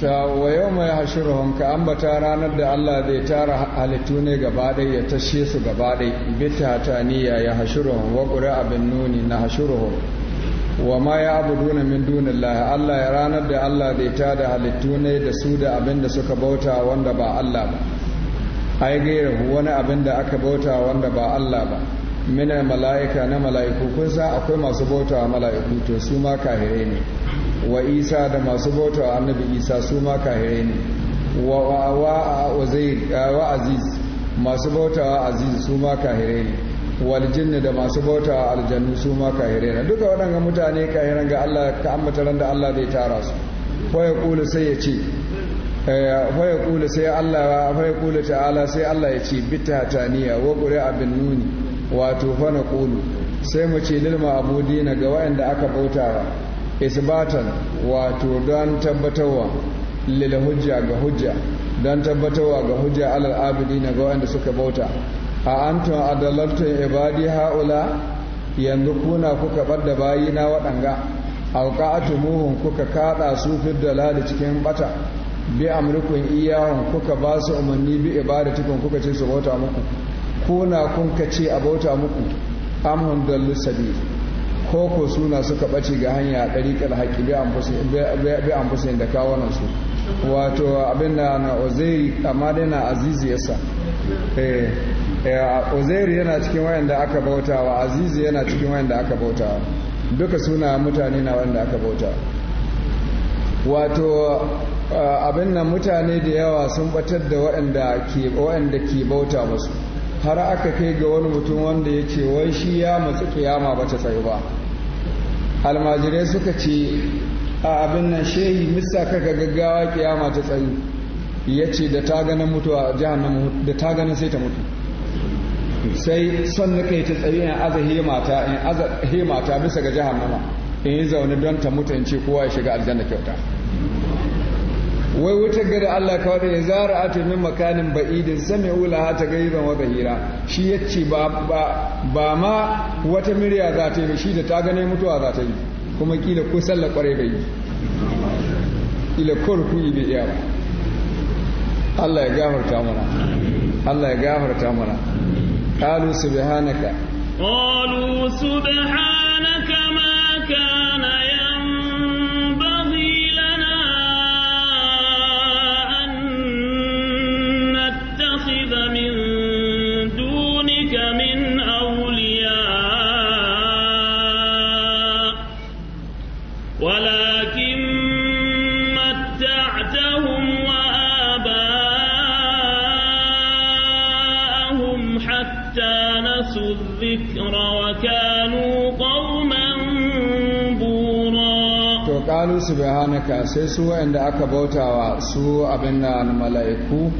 ta wa yau mai hashiruhun ka ambata ranar da Allah zai tara halittu ne gabaɗai ya tashe su gabaɗai bita ta niyya ya hashiruhun wa ƙuri abin nuni na hashiruhun wa ma ya abu duna min dunin Allah ya ranar da Allah zai da halittu ne da su da abin da suka bauta wanda ba Allah ba ai gairahu wani abin da aka bauta wanda ba Allah ba mina mala'ika na mala'iku kun san akwai masu bauta mala'iku to su ma kahirai ne wa isa da masu bauta wa annabi isa su ma kahire ne wa aziz masu bauta wa aziz su ma kahire ne wal jinni da masu bauta wa aljannu su ma kahire ne duka waɗanga mutane kahiran ga Allah ka ran da Allah zai tara su fa ya kula sai ya ce eh, fa ya kula sai Allah fa ya kula ta'ala sai Allah ya ce bitataniya wa qur'a bin nuni wato fa na kulu sai mu ce lil ma'budina ga waɗanda aka bautawa isbatan wato don tabbatarwa lil hujja ga hujja don tabbatarwa ga hujja alal abidina ga wanda suka bauta a antum adallatun ibadi haula yanzu kuna kuka badda bayi na waɗanga auqa'atu muhun kuka kada su fiddala da cikin bata bi amrikun iyahun kuka ba su umarni bi ibadatikum kuka ce su bauta muku kuna kun ka ce a bauta muku amhun dallu sabili koko suna suka ɓace ga hanya ɗariƙar haƙi bai fusayin da nan su wato abin da na ozairi amma dai na sa eh, eh, ozeri yana cikin wayan da aka bautawa azizi yana cikin wayan da aka bautawa duka suna mutane na wanda aka bauta wato eh, abin nan mutane da yawa sun batar da waɗanda ke bauta musu har aka kai ga wani mutum wanda ya ce wai shi ya matsi kiyama ba ta tsayu ba almajirai suka ce a abin nan shehi mista kaka gaggawa kiyama ta tsayi ya ce da ta ganin mutu a jahannama da ta ganin sai ta mutu sai son na kai ta tsayi in aza hemata bisa ga nama in yi zaune don ta mutu in ce kowa ya shiga aljanna kyauta wai wutar gada Allah ka wata ya zara a min makanin ba'idin sami ula ta gaiban wata hira shi ya ce ba ma wata murya za ta yi shi da ta gane mutuwa za ta yi kuma kila ko salla kwarai bai yi kila yi bai iya ba Allah ya gafarta mana Allah ya gafarta mana qalu subhanaka qalu subhanaka ma kana subhanaka sai su wa'anda aka bautawa su abin da mala'iku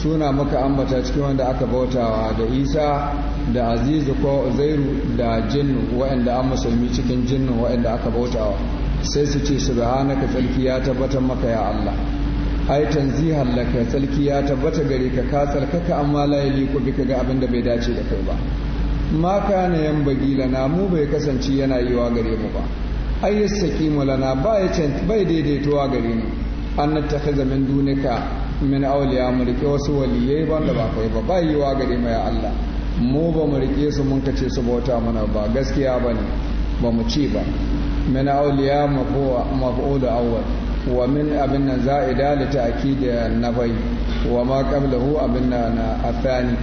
suna muka ambata cikin wanda aka bautawa da isa da azizu ko zairu da jinnu wa'anda an musulmi cikin jinnu wa'anda aka bautawa sai su ce subhanaka tsarki ya tabbatar maka ya Allah ai tanzihan laka tsarki ya tabbata gare ka ka tsarkaka amma la yaliku ka ga abin da bai dace da kai ba ma kana yan bagila na mu bai kasance yana yiwa gare mu ba ayyus ya lana bai bai daidaituwa gare mu an nattakhadha min dunika min auliya mu rike wasu waliyai da ba kai ba yi wa gare mu ya Allah mu ba mu rike su mun kace su bauta mana ba gaskiya bane ba mu ci ba min awliya maf'ul awwal wa min abin nan za'ida li ta'kid nabai wa ma qablahu abin nan athani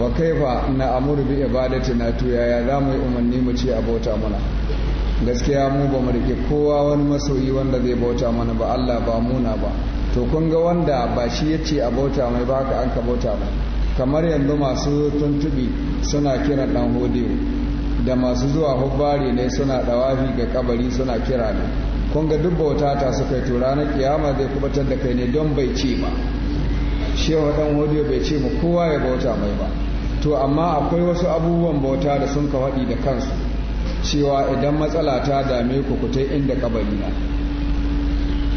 wa kaifa na amuru bi ibadati na tuya ya zamu yi umarni mu ce abota mana gaskiya mu ba mu rike kowa wani masoyi wanda zai bauta mana ba Allah ba muna ba to kun ga wanda ba shi ya ce a bauta mai ba ka an ka bauta ba kamar yanzu masu tuntubi suna kiran dan hodiyo da masu zuwa hubbari ne suna dawafi ga kabari suna kira ne kun ga duk bauta ta su kai to ranar kiyama zai kubatar da kai ne don bai ce ba shewa dan hodiyo bai ce mu kowa ya bauta mai ba to amma akwai wasu abubuwan bauta da sun ka faɗi da kansu cewa idan matsala ta dame ku ku ta inda kabarina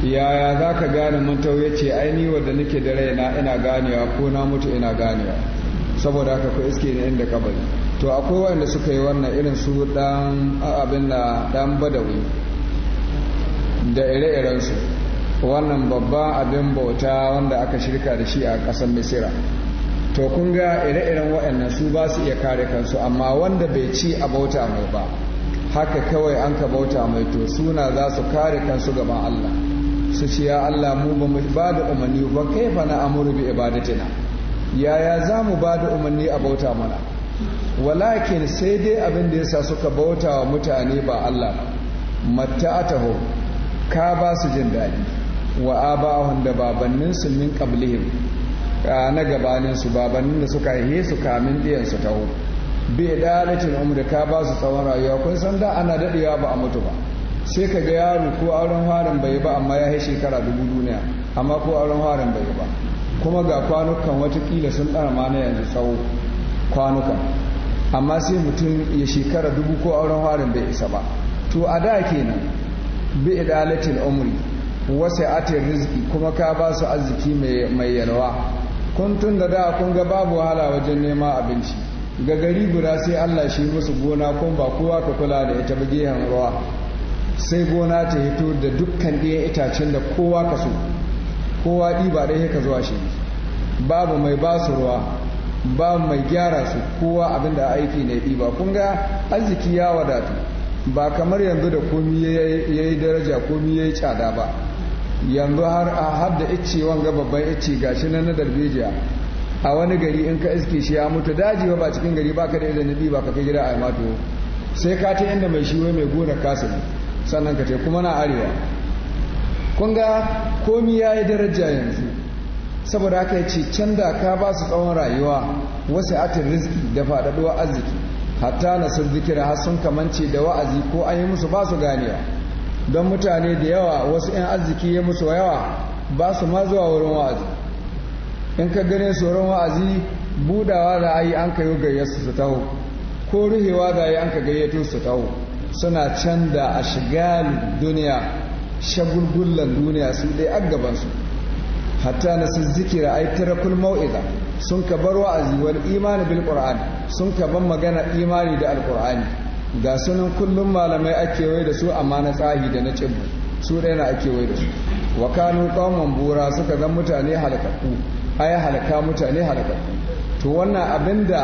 yaya za ka gane mantau ya ce aini wadda nake da raina ina ganewa ko na mutu ina ganewa saboda haka ku iske ni inda kabari to akwai wanda suka yi wannan irin su dan abin da dan badawi da ire-irensu wannan babban abin bauta wanda aka shirka da shi a ƙasar misira to kun ga ire-iren waɗannan su ba su iya kare kansu amma wanda bai ci a bauta mai ba haka kawai an ka bauta mai to suna za su kare kansu gaba Allah su ce ya Allah mu ba mu ba da umarni ba kai fa na amuru bi ibadatina yaya za mu ba da umarni a bauta mana walakin sai dai abin da yasa suka bauta wa mutane ba Allah matta'atahu ka ba su jin daɗi wa abahun da babannin su min qablihim na gabanin su babannin da suka yi su kamin ɗiyan su taho bai dalatin umri ka ba su tsawon rayuwa kun san da ana daɗewa ba a mutu ba sai ka ga yaro ko auren harin bai ba amma ya yi shekara dubu duniya amma ko auren harin bai ba kuma ga kwanukan watakila sun ɗara ma na yanzu tsawo kwanukan amma sai mutum ya shekara dubu ko auren harin bai isa ba to a da kenan bi idalatil umri wasu atir rizki kuma ka ba su arziki mai yalwa kun tun da da kun ga babu wahala wajen nema abinci ga gari guda sai Allah shi musu gona kuma ba kowa ka kula da ita ba gehen ruwa sai gona ta hito da dukkan ɗaya itacen da kowa ka so kowa ɗiba ɗaya ka zuwa shi babu mai ba su ruwa babu mai gyara su kowa abin da aiki ne ɗiba kun ga arziki ya wadatu ba kamar yanzu da komi ya yi daraja komi ya yi tsada ba yanzu har a da icce wanga babban icce gashi na na darbejiya a wani gari in ka iske shi ya mutu daji ba cikin gari ba ka da izinin bi ba ka kai gida a mato sai ka ta inda mai shiwe mai gona kasa sannan ka ce kuma na arewa kun ga komi ya yi daraja yanzu saboda haka ya ce can da ka ba su tsawon rayuwa wasu atin rizki da faɗaɗuwa arziki hatta na sun zikira har sun kamance da wa'azi ko an yi musu ba su ganewa don mutane da yawa wasu 'yan arziki ya musu yawa ba su ma zuwa wurin wa'azi in ka gane tsoron wa'azi budawa da ayi an ka yi gayyarsu su taho ko ruhewa da ayi an ka gayyato su taho suna can da a shiga duniya shagulgullan duniya su dai an gabansu hatta na sun zikira ai tarakul mau'iza sun ka bar wa'azi wal imani bil sun ka bar magana imani da qur'ani ga sunan kullum malamai ake wai da su amma na tsahi da na cibbu su dai na ake wai da su wa kanu qauman bura suka zan mutane halakaku ai halaka mutane halakakku to wannan abinda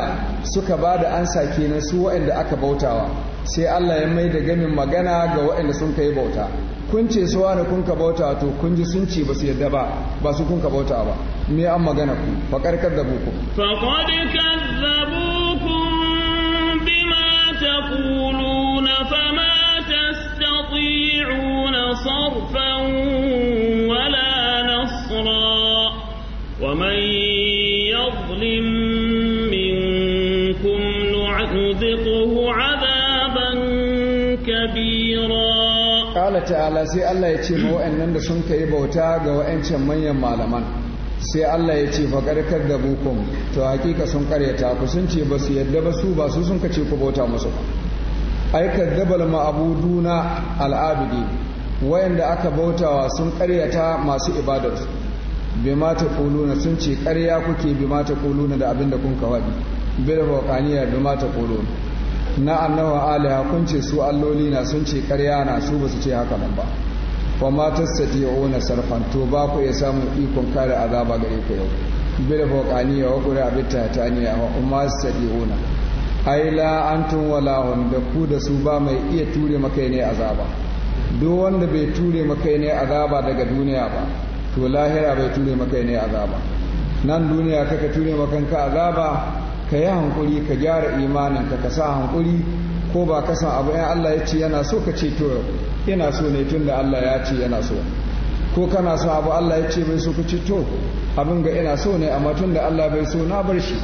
suka ba da ansa kenan su waɗanda aka bautawa sai Allah ya mai da gamin magana ga waɗanda sun kai bauta kun ce su wani kun ka bauta to kun ji sun ce ba su yadda ba ba su kun ka bauta ba me an magana ku karkar da ku faƙar kazzabu ku bima taquluna fama tastati'una sarfan wala ومن يظلم منكم نذقه عذابا كبيرا sai Allah سي الله يتي ما وأنن da sun bauta ga wa'ancan manyan malaman sai Allah ya ce da kaddabukum to hakika sun karyata ku sun ce ba su yadda ba ba su sun kace ku bauta musu ai kaddabal ma'buduna al'abidi wayanda aka bautawa sun karyata masu ibadarsu bima ta kuluna sun ce ƙarya kuke bima ta kuluna da abin da kun ka faɗi bil fawqaniya bima ta kuluna na annawa alaha kun ce su alloli na sun ce ƙarya na su ba su ce haka nan ba wa ma tastati'una sarfan to ba ku iya samun ikon kare azaba gare ku yau bil fawqaniya wa qura abita taniya wa ma tastati'una ai la antum wala hum da ku da su ba mai iya ture maka ne azaba duk wanda bai ture maka ne azaba daga duniya ba to lahira bai ture maka ne azaba nan duniya kaka ture makanka azaba ka yi hankuri ka gyara imaninka ka sa hankuri ko ba ka san abu ɗaya Allah ya ce yana so ka ce to yana so ne tunda Allah ya ce yana so ko kana so abu Allah ya ce bai so ka ce to abin ga ina so ne amma tunda Allah bai so na bar shi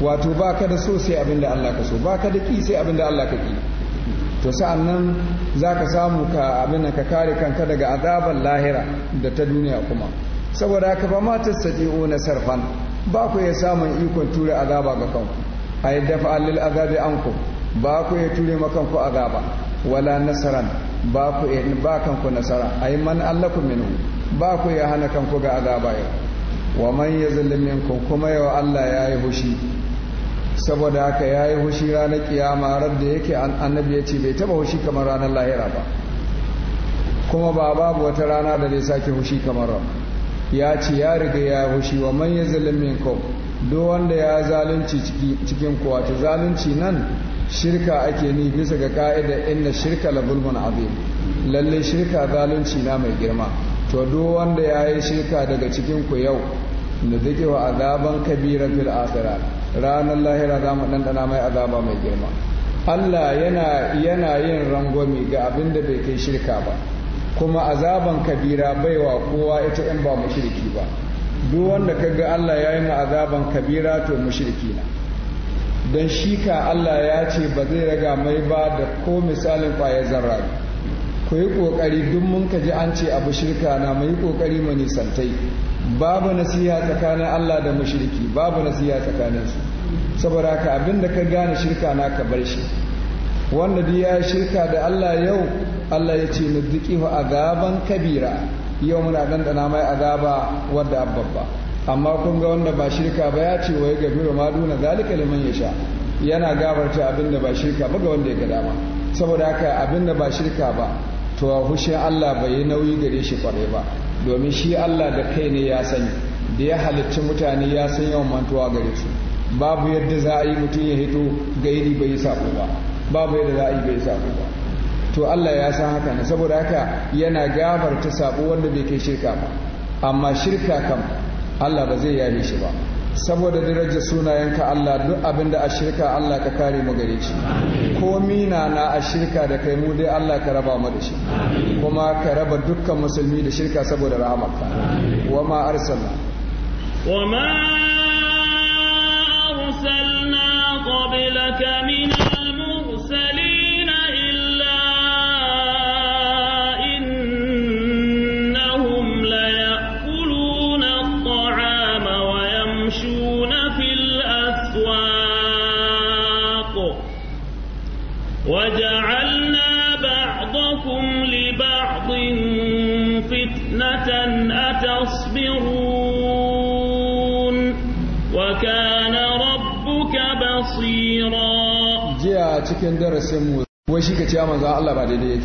wato ba ka da so sai abin da Allah ka so ba ka da ki sai abin da Allah ka ki to sa'an nan za ka samu ka abin ka kare kanka daga azabar lahira da ta duniya kuma saboda haka ba sadi o na sarfan ba ku ya samun ikon tura azaba ga kanku ay dafa lil azabi anku ba ku ya ture ma azaba wala nasaran ba ku ya ba kanku nasara ay man allakum minhu ba ku ya hana kanku ga azaba yau wa man yazlim minkum kuma yau Allah ya yi hushi saboda haka ya yi hushi ranar kiyama ran da yake annabi ya ce bai taba hushi kamar ranar lahira ba kuma ba babu wata rana da zai sake hushi kamar ran ya ce ya riga ya hushi wa man yazlim minkum do wanda ya zalunci cikin ku wato zalunci nan shirka ake ni bisa ga ka'ida inna shirka la zulmun azim lalle shirka zalunci na mai girma to do wanda ya yi shirka daga cikin ku yau da dake wa azaban kabira fil akhirah ranar lahira za mu ɗanɗana mai azaba mai girma Allah yana yin rangwami ga abin da bai kai shirka ba kuma azaban kabira bai wa kowa ita in ba mu shirki ba duk wanda ka ga Allah ya yi ma azaban kabira to mu shirki na don shi ka Allah ya ce ba zai raga mai ba da ko misalin ƙwayar zarra ku yi ƙoƙari duk mun ka ji an ce abu shirka na mu yi ƙoƙari mu nisantai babu nasiha tsakanin Allah da mushriki babu nasiha tsakanin su saboda haka abinda ka gane shirka na ka bar shi wanda duk ya shirka da Allah yau Allah ya ce a azaban kabira yau muna dandana mai azaba wadda abbabba amma kun ga wanda ba shirka ba ya ce wai biro ma duna zalika liman yasha yana gabarta abinda ba shirka ba ga wanda ya ga dama saboda haka abinda ba shirka ba to hushin Allah bai yi nauyi gare shi kwarai ba domin shi Allah da kai ne ya sani da ya halicci mutane ya san yawan mantuwa gare su babu yadda za a yi mutum ya hito ga bai yi sako ba babu yadda za a yi bai yi sako ba to Allah ya san haka ne saboda haka yana ta sako wanda bai kai shirka ba amma shirka kam Allah ba zai yare shi ba saboda daraja sunayenka Allah duk abin da a shirka Allah ka kare mu gare shi ko mina na a shirka da kai mu dai Allah ka raba mu da shi kuma ka raba dukkan musulmi da shirka saboda rahamarka wa ma arsalna wa ma arsalna qablaka وجعلنا بعضكم لبعض فتنة أتصبرون وكان ربك بصيرا جاء cikin darasinmu wai shi ka ce manzo Allah ba daidai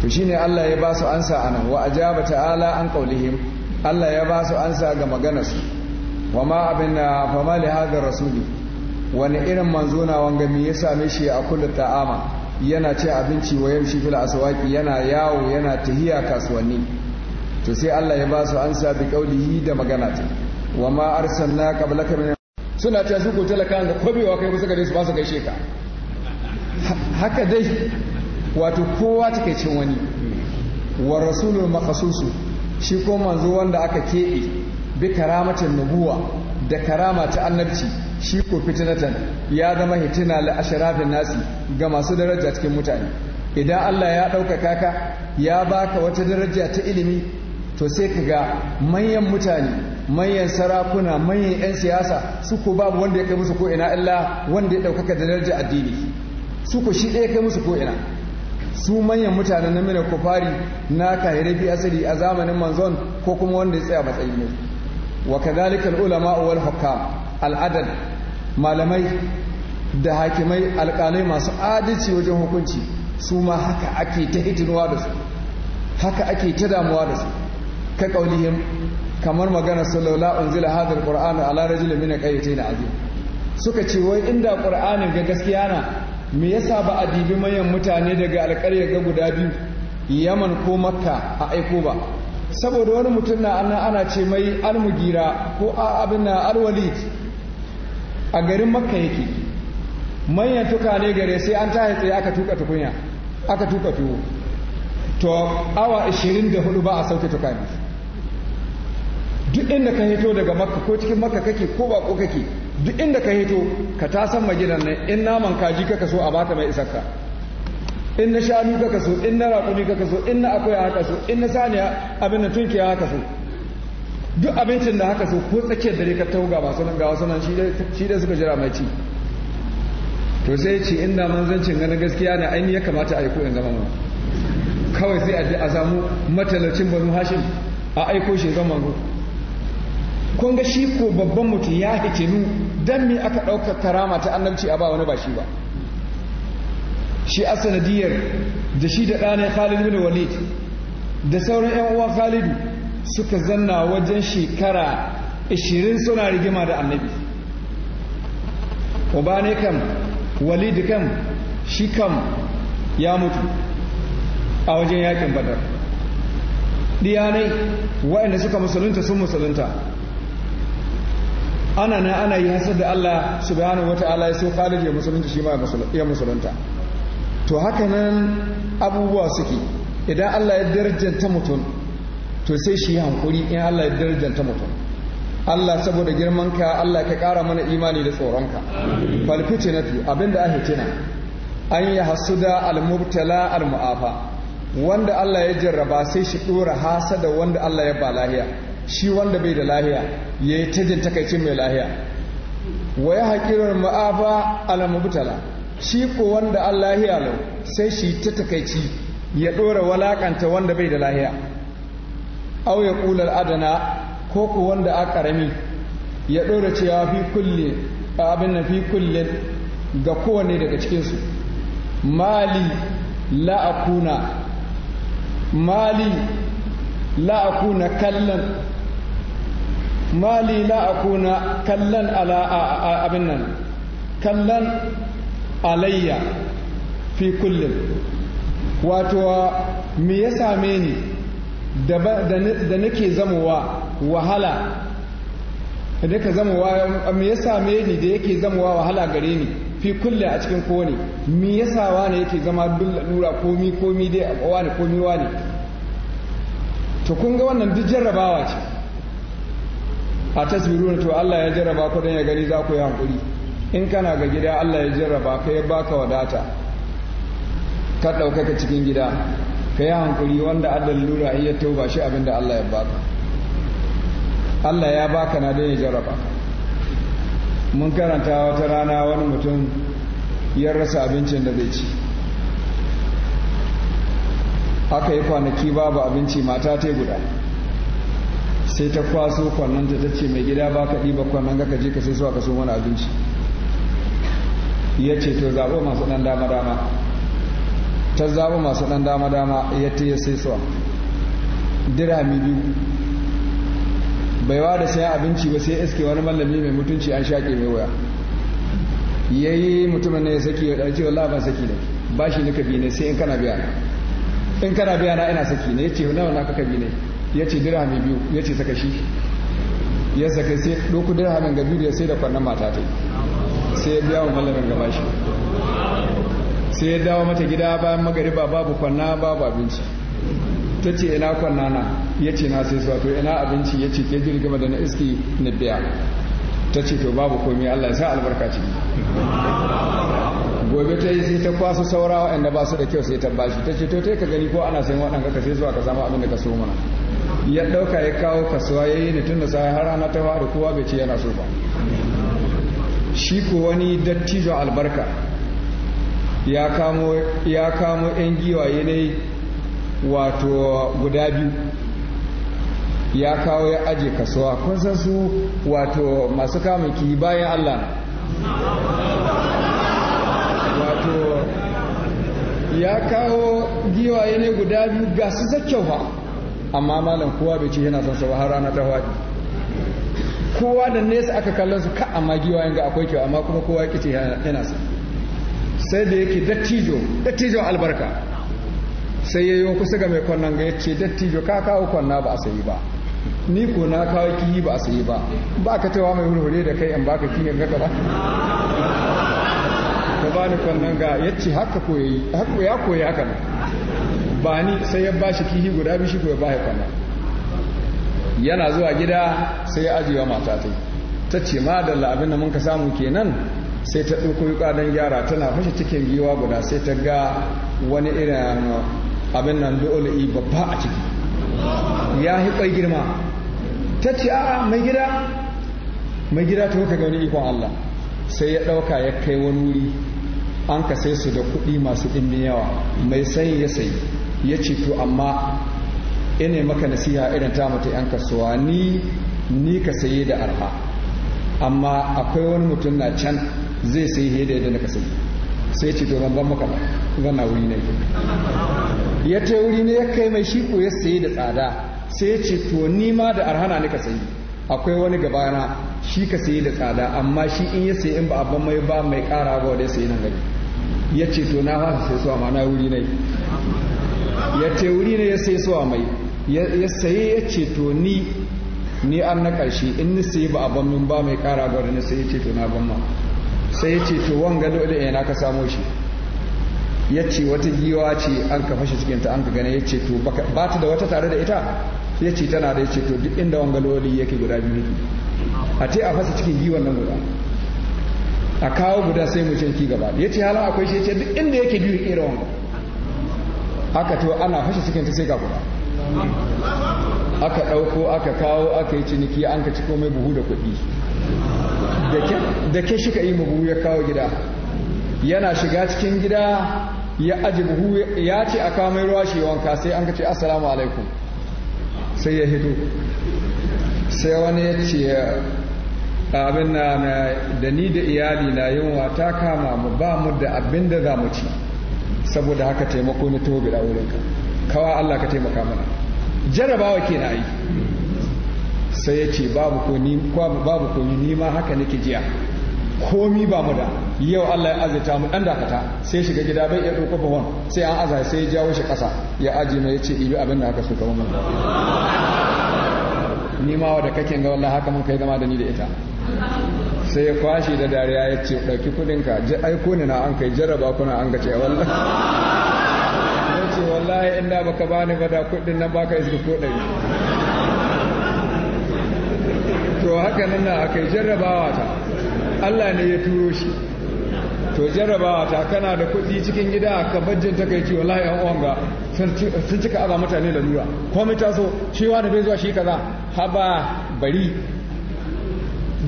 to shine Allah ya ba su ansa anan wa ajaba ta'ala an qaulihim Allah ya ba su ansa ga maganarsu wa ma abinna fama li hadha rasuli wani irin manzo na wanga me ya same shi a kullu ta'ama yana ci abinci wa yamshi fil aswaqi yana yawo yana tahiya kasuwanni to sai Allah ya ba su ansa bi qaulihi da magana ta wa ma arsalna qablaka min suna ta su ko talaka ga kobewa kai musu gare su ba su gaishe ka haka dai wato kowa take cin wani wa rasulul makhsusu shi ko manzo wanda aka keɓe bi karamatin nubuwa da karama ta annabci shi ko fitinatan ya zama hitina la asharafin nasi ga masu daraja cikin mutane idan Allah ya ɗaukaka ka ya baka wata daraja ta ilimi to sai ka ga manyan mutane manyan sarakuna manyan 'yan siyasa su ko babu wanda ya kai musu ko'ina illa wanda ya ɗaukaka da daraja addini su ko shi ɗaya kai musu ko'ina su manyan mutane na mina kufari na kahire fi asali a zamanin manzon ko kuma wanda ya tsaya matsayi ne wa kadhalika ulama wal hukama Al'adar, malamai da hakimai alƙalai masu adalci wajen hukunci su ma haka ake ta hitinuwa da su haka ake ta damuwa da su ka ƙaunihim kamar magana sallallahu unzila hadar qur'anu ala rajulin ƙayyace na azim suka ce wai inda qur'anin ga gaskiya na me yasa ba a dibi manyan mutane daga alƙarya ga guda biyu yaman ko makka a aiko ba saboda wani mutum na ana ce mai almugira ko abin na alwalid a garin makka yake manyan tuka ne gare sai an tahi tsaye aka tuka tukunya aka tuka tuwo to awa 24 ba a sauke tuka ne duk inda ka hito daga makka ko cikin makka kake ko ba ko kake duk inda ka hito ka ta san magidan nan in naman kaji kaka so a baka mai isarka in na shanu kaka so in na raƙumi kaka so in na akwai haka so in na saniya abin da tunkiya haka so duk abincin da haka so ko tsakiyar dare ka taho ga masu nan ga wasu shi da suka jira mai ci to sai ce inda manzancin ganin gaskiya ne ainihin ya kamata a yi ko zama mu kawai sai a a samu matalacin banu hashim a aiko shi zama mu kun ga shi ko babban mutum ya hikinu dan me aka ɗauka karama ta annabci a ba wani ba shi ba shi asanadiyar da shi da ɗanai khalid bin walid da sauran 'yan uwan khalidu suka zanna wajen shekara 20 suna rigima da annabi uba ne kam walid kam shi kam ya mutu a wajen yakin badar diyanai waɗanda suka musulunta sun musulunta ana na ana yi hasar da Allah subhanahu ala ya sai Khalid ya musulunta shi ma ya musulunta to haka nan abubuwa suke idan Allah ya darajanta mutum to sai shi yi hankuri in Allah ya darjanta mutum Allah saboda girman ka Allah ka kara mana imani da tsoronka na fi, abinda ake tuna an yi hasuda al-mubtala al-mu'afa wanda Allah ya jarraba sai shi dora hasada wanda Allah ya ba lahiya shi wanda bai da lahiya ya yi tajin takaicin mai lahiya wa ya haƙirar ma'afa alamubtala shi ko wanda Allah ya lau sai shi ta takaici ya ɗora walakanta wanda bai da lahiya aw ya ƙular adana ko ku wanda a ƙarami ya ɗora cewa fi kulle abin na fi kulle ga kowane daga cikinsu mali la'akuna mali la'akuna kallon mali la'akuna kallon ala abin nan kallon alayya fi kullum wato me ya same ni da nake zamowa wahala da ka zamowa me ya same ni da yake zamowa wahala gare ni fi kulle a cikin kowane mi yasa wane yake zama duk lura komi komi dai a wane komi wane to kun ga wannan duk jarrabawa ce a na to Allah ya jarraba ku dan ya gani za ku yi hankuri in kana ga gida Allah ya jarraba ka ya baka wadata ka ɗaukaka cikin gida ka yi hankali wanda adal lura iya ta'u ba shi abinda Allah ya baka Allah ya baka na don ya jarraba mun karanta wata rana wani mutum ya rasa abincin da zai ci aka yi kwanaki babu abinci mata ta guda sai ta kwaso kwannanta ta ce mai gida ba ka ɗiba kwannan ga je ka sai suwa ka so mana abinci ya ce to zaɓo masu ɗan dama-dama ta zaba masu ɗan dama-dama ya ta sai suwa dirami biyu baiwa da sayan abinci ba sai iske wani mallami mai mutunci an shaƙe mai waya ya yi mutumin na ya saki ya ɗarci wallah ban saki ne ba shi ni kabi ne sai in kana biya in kana biya na ina saki ne ya ce nawa na kaka ne ya ce mai biyu ya ce saka shi ya saka sai ɗauku dirhamin ga biyu ya sai da kwanan mata ta sai ya biya wa mallamin gaba shi sai ya dawo mata gida bayan magariba babu kwanna babu abinci ta ce ina kwanna na ya ce na sai suwato ina abinci ya ce ke jirgin da na iski na biya ta ce to babu komi allah sai albarka ciki gobe ta yi sai ta kwasu saurawa inda ba su da kyau sai ta bashi ta ce to ta ka gani ko ana sayan waɗanda ka sai zuwa ka samu abin da ka so mana ya ɗauka ya kawo kasuwa ya yi tun da sai har rana ta fara kowa bai ce yana so ba shi ko wani dattijo albarka ya kamo yan giwaye ne wato guda biyu ya kawo ya aje kasuwa kun san su wato masu kamun ki bayan Allah wato ya kawo giwaye ne guda biyu ga su ba amma malam kowa bai ce yana son su ba har rana ta faɗi kowa da nesa aka kallon su ka amma giwayen ga akwai kyau amma kuma kowa ya ci yana son sai da yake dattijo dattijo albarka sai ya yi kusa ga mai kwannan ga ya ce dattijo ka kawo kwanna ba a sayi ba ni ko na kawo kihi ba a sayi ba ba ka tawa mai hurhure da kai in ka kihin ga gaba ka bani kwannan ga ya ce haka koyi haka ya koyi haka ba ni sai ya bashi kihi guda biyu shi ko ya bashi kwannan yana zuwa gida sai ya ajiye mata ta ta ce ma da abin da mun ka samu kenan sai ta ɗauko yuka don gyara tana fashe cikin giwa guda sai ta ga wani irin abin nan do'oli babba a ciki ya yi girma ta ce a'a mai gida mai gida ta waka gani ikon Allah sai ya ɗauka ya kai wani wuri an ka sai su da kuɗi masu ɗimbin yawa mai sayi ya sayi ya ce to amma ina maka nasiha irin ta mutu yan kasuwa ni ni ka saye da arha amma akwai wani mutum na can zai sai fiye da yadda na kasai sai ce to ban ban maka ba na wuri ne ya ce wuri ne ya kai mai shi ko ya sayi da tsada sai ya ce to ni ma da arhana ne ka sayi akwai wani gabana shi ka sayi da tsada amma shi in ya sayi in ba abban mai ba mai kara ba da ya sayi nan gari ya ce to na fasa sai suwa ma na wuri ne ya ce wuri ne ya sayi suwa mai ya sai ya ce to ni ni an na karshe in ni sayi ba abban mai ba mai kara ba da na sayi ce to na ban ma sai ya ce to wanga da ina eh, ka samo shi ya ce wata giwa ce an ka fashe cikinta an ka gane ya ce to ba ta da wata tare da ita ya ce tana da ya ce to duk inda wanga loli yake guda biyu a ce a fasa cikin giwan nan guda a kawo guda sai mu canki gaba ya ce halin akwai shi ya ce duk inda yake biyu kera wanga aka to ana fashe cikinta sai ga guda aka ɗauko aka kawo aka yi ciniki an ka ci komai buhu da kuɗi da ke shi ka yi buhu ya kawo gida yana shiga cikin gida ya aji buhu ya ce a kawo ruwa shi wanka sai an kace ce assalamu alaikum sai ya hito sai wani ya ce abin na da ni da iyali na yunwa ta kama mu ba mu da abin da za mu ci saboda haka taimako na tobe da wurinka Kawai Allah ka taimaka mana jarabawa ke na aiki sai ya ce babu ko ni babu ko ni ma haka nake jiya komi ba mu da yau Allah ya azaita mu dan dakata sai shiga gida bai iya ɗauko ba sai an aza sai ya jawo shi kasa ya aji mai ya ce ibi abin da haka so ka mun ni ma wa da kake ga wallahi haka mun kai zama da ni da ita sai ya kwashe da dariya ya ce ɗauki kudin ka je aiko ni na an kai jaraba kuna an gace wallahi ya ce wallahi inda baka bani ba da kudin nan baka iska ko ɗari to haka nan na aka jarrabawa ta Allah ne ya turo shi to jarrabawa ta kana da kudi cikin gida a kabajin ta kai ciwo layan onga sun cika aza mutane da lura komai ta so shi wani bai zuwa shi kaza haba bari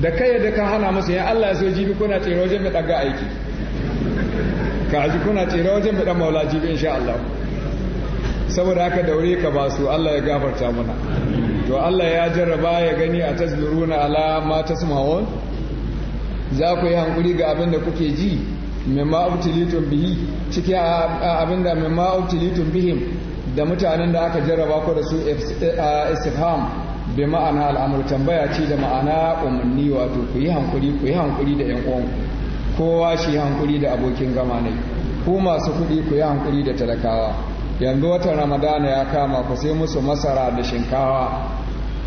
da kai da ka hana masa ya Allah ya so jibi kuna tsere wajen mai ɗaga aiki ka ji kuna tsere wajen mai ɗan maula jibi insha Allah saboda haka daure ka ba su Allah ya gafarta mana to Allah ya jarraba ya gani a tasbiruna ala ma tasma'un za ku yi hankuri ga abin kuke ji mimma ubtilitun bihi ciki abin da mimma bihim da mutanen da aka jarraba ku da su istifham bi ma'ana al'amur tambaya ce da ma'ana umarni wato ku yi hankuri ku yi hankuri da yan uwan kowa shi hankuri da abokin gama ne ku masu kuɗi ku yi hankuri da talakawa yanzu watan ramadana ya kama ku sai musu masara da shinkawa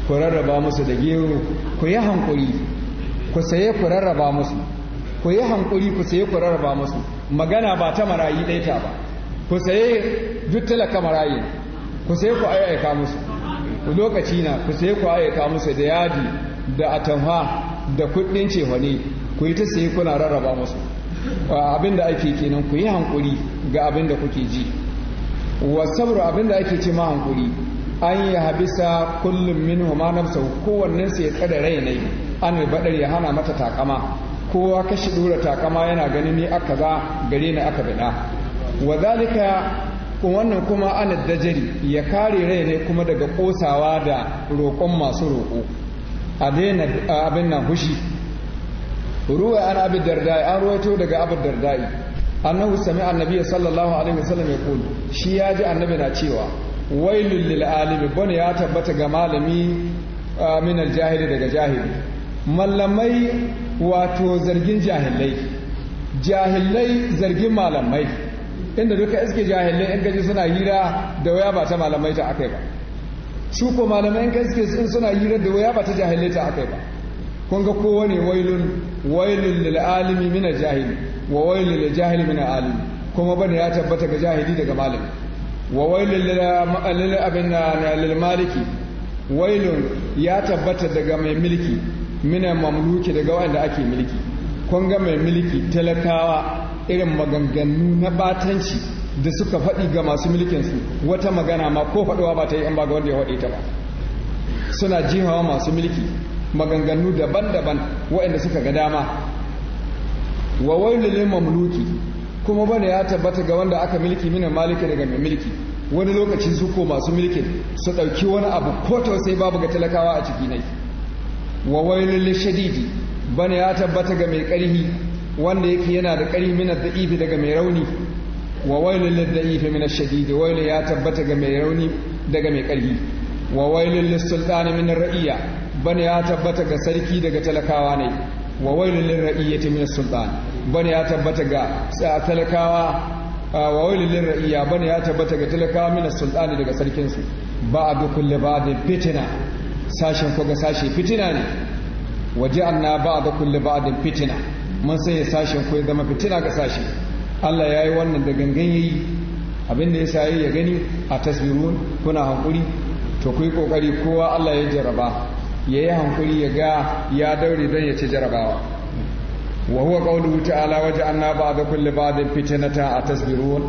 ku rarraba musu da gero ku yi hankuri ku saye ku rarraba musu ku yi hankuri ku saye ku rarraba musu magana ba ta marayi ɗaya ta ba ku saye duk talaka marayi ku saye ku ayyaka musu ku lokaci na ku saye ku ayyaka musu da yadi da atamha da kuɗin cefane ku yi ta saye kuna rarraba musu abin da ake kenan ku yi hankuri ga abin da kuke ji wasu abinda abin da ake ce ma hankuri an yi habisa kullum min huma nafsa kowannen su ya tsada rai ne an badar ya hana mata takama kowa kashi dora takama yana ganin ni aka za gare ni aka bida wa zalika wannan kuma an dajari ya kare rai ne kuma daga kosawa da roƙon masu roƙo a daina abin nan hushi ruwa an abin dardai an ruwaito daga abin dardai annahu sami annabi sallallahu alaihi wasallam ya kulu shi ya ji annabi na cewa wailul lil alimi bane ya tabbata ga malami ah, min al jahili daga jahili malamai wato zargin jahilai jahilai zargin malamai inda duka iske jahilai in gaji suna hira da waya ba ta malamai ta akai ba su ko malamai in gaji suna hira da waya ba ta jahilai ta akai ba kun ga kowane wailun wailun lil alimi min al jahili wa wailul lil jahili min al alimi kuma bane ya tabbata ga jahili daga malami wa wailun lil abin lil maliki wailu ya tabbata daga mai mulki mina mamluki daga wanda ake mulki kun ga mai mulki talakawa irin maganganu na batanci da suka faɗi ga masu mulkinsu wata magana ma ko faɗuwa ba ta yi in ba ga wanda ya fadi ta ba suna jihawa masu mulki maganganu daban-daban waɗanda suka ga dama wa wailul mamluki kuma bane ya tabbata ga wanda aka milki minan maliki daga mai milki wani lokaci su ko masu milki su ɗauki wani abu ko tausayi babu ga talakawa a ciki nai wa wailul shadidi bane ya tabbata ga mai ƙarhi wanda yake yana da ƙarhi minan da'ifi daga mai rauni wa wailul da'ifi minan shadidi wailu ya tabbata ga mai rauni daga mai ƙarhi wa wailul sultani minan ra'iya bane ya tabbata ga sarki daga talakawa ne wa wailul ra'iyyati minan sultani bane ya tabbata ga talakawa wa wailin ra'iya bane ya tabbata ga talakawa mina sultani daga sarkin su ba a dukkan ba da fitina sashen ko ga sashe fitina ne waje anna ba a dukkan ba da fitina mun sai sashen ko ya zama fitina ga sashe Allah ya yi wannan da gangan yayi abin da ya sayi ya gani a tasbirun kuna hankuri to ku yi kokari kowa Allah ya jaraba ya yi hankuri ya ga ya daure don ya ci jarabawa wa huwa qawluhu ta'ala waja'alna ba'dakum li ba'din fitnatan atasbirun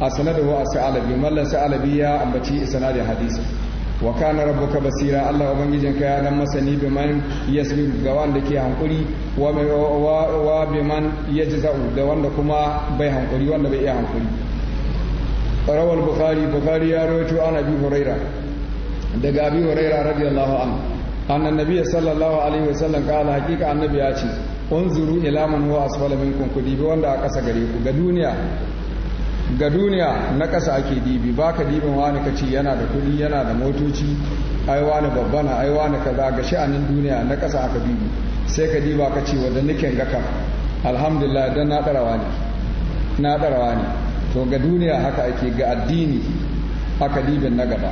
asnadahu asalabi mallan salabi ya ambaci isnadin hadisi wa kana rabbuka basira Allah ubangijinka ya dan masani bi man yasbiru ga wanda ke hankuri wa wa bi man yajza'u da kuma bai hankuri wanda bai iya hankuri rawal bukhari bukhari ya rawaito an abi huraira daga abi huraira radiyallahu anhu annan nabi sallallahu hakika annabi ya ce unzuru ila man huwa asfala minkum ku dibi wanda a ƙasa gare ku ga duniya ga duniya na kasa ake dibi ba ka dibin wani ka ce yana da kuɗi yana da motoci ai wani babba na ai wani kaza ga sha'anin duniya na kasa aka dibi sai ka diba ka ce wanda nake ga kan alhamdulillah dan na ɗarawa ne na ɗarawa ne to ga duniya haka ake ga addini aka dibin na gaba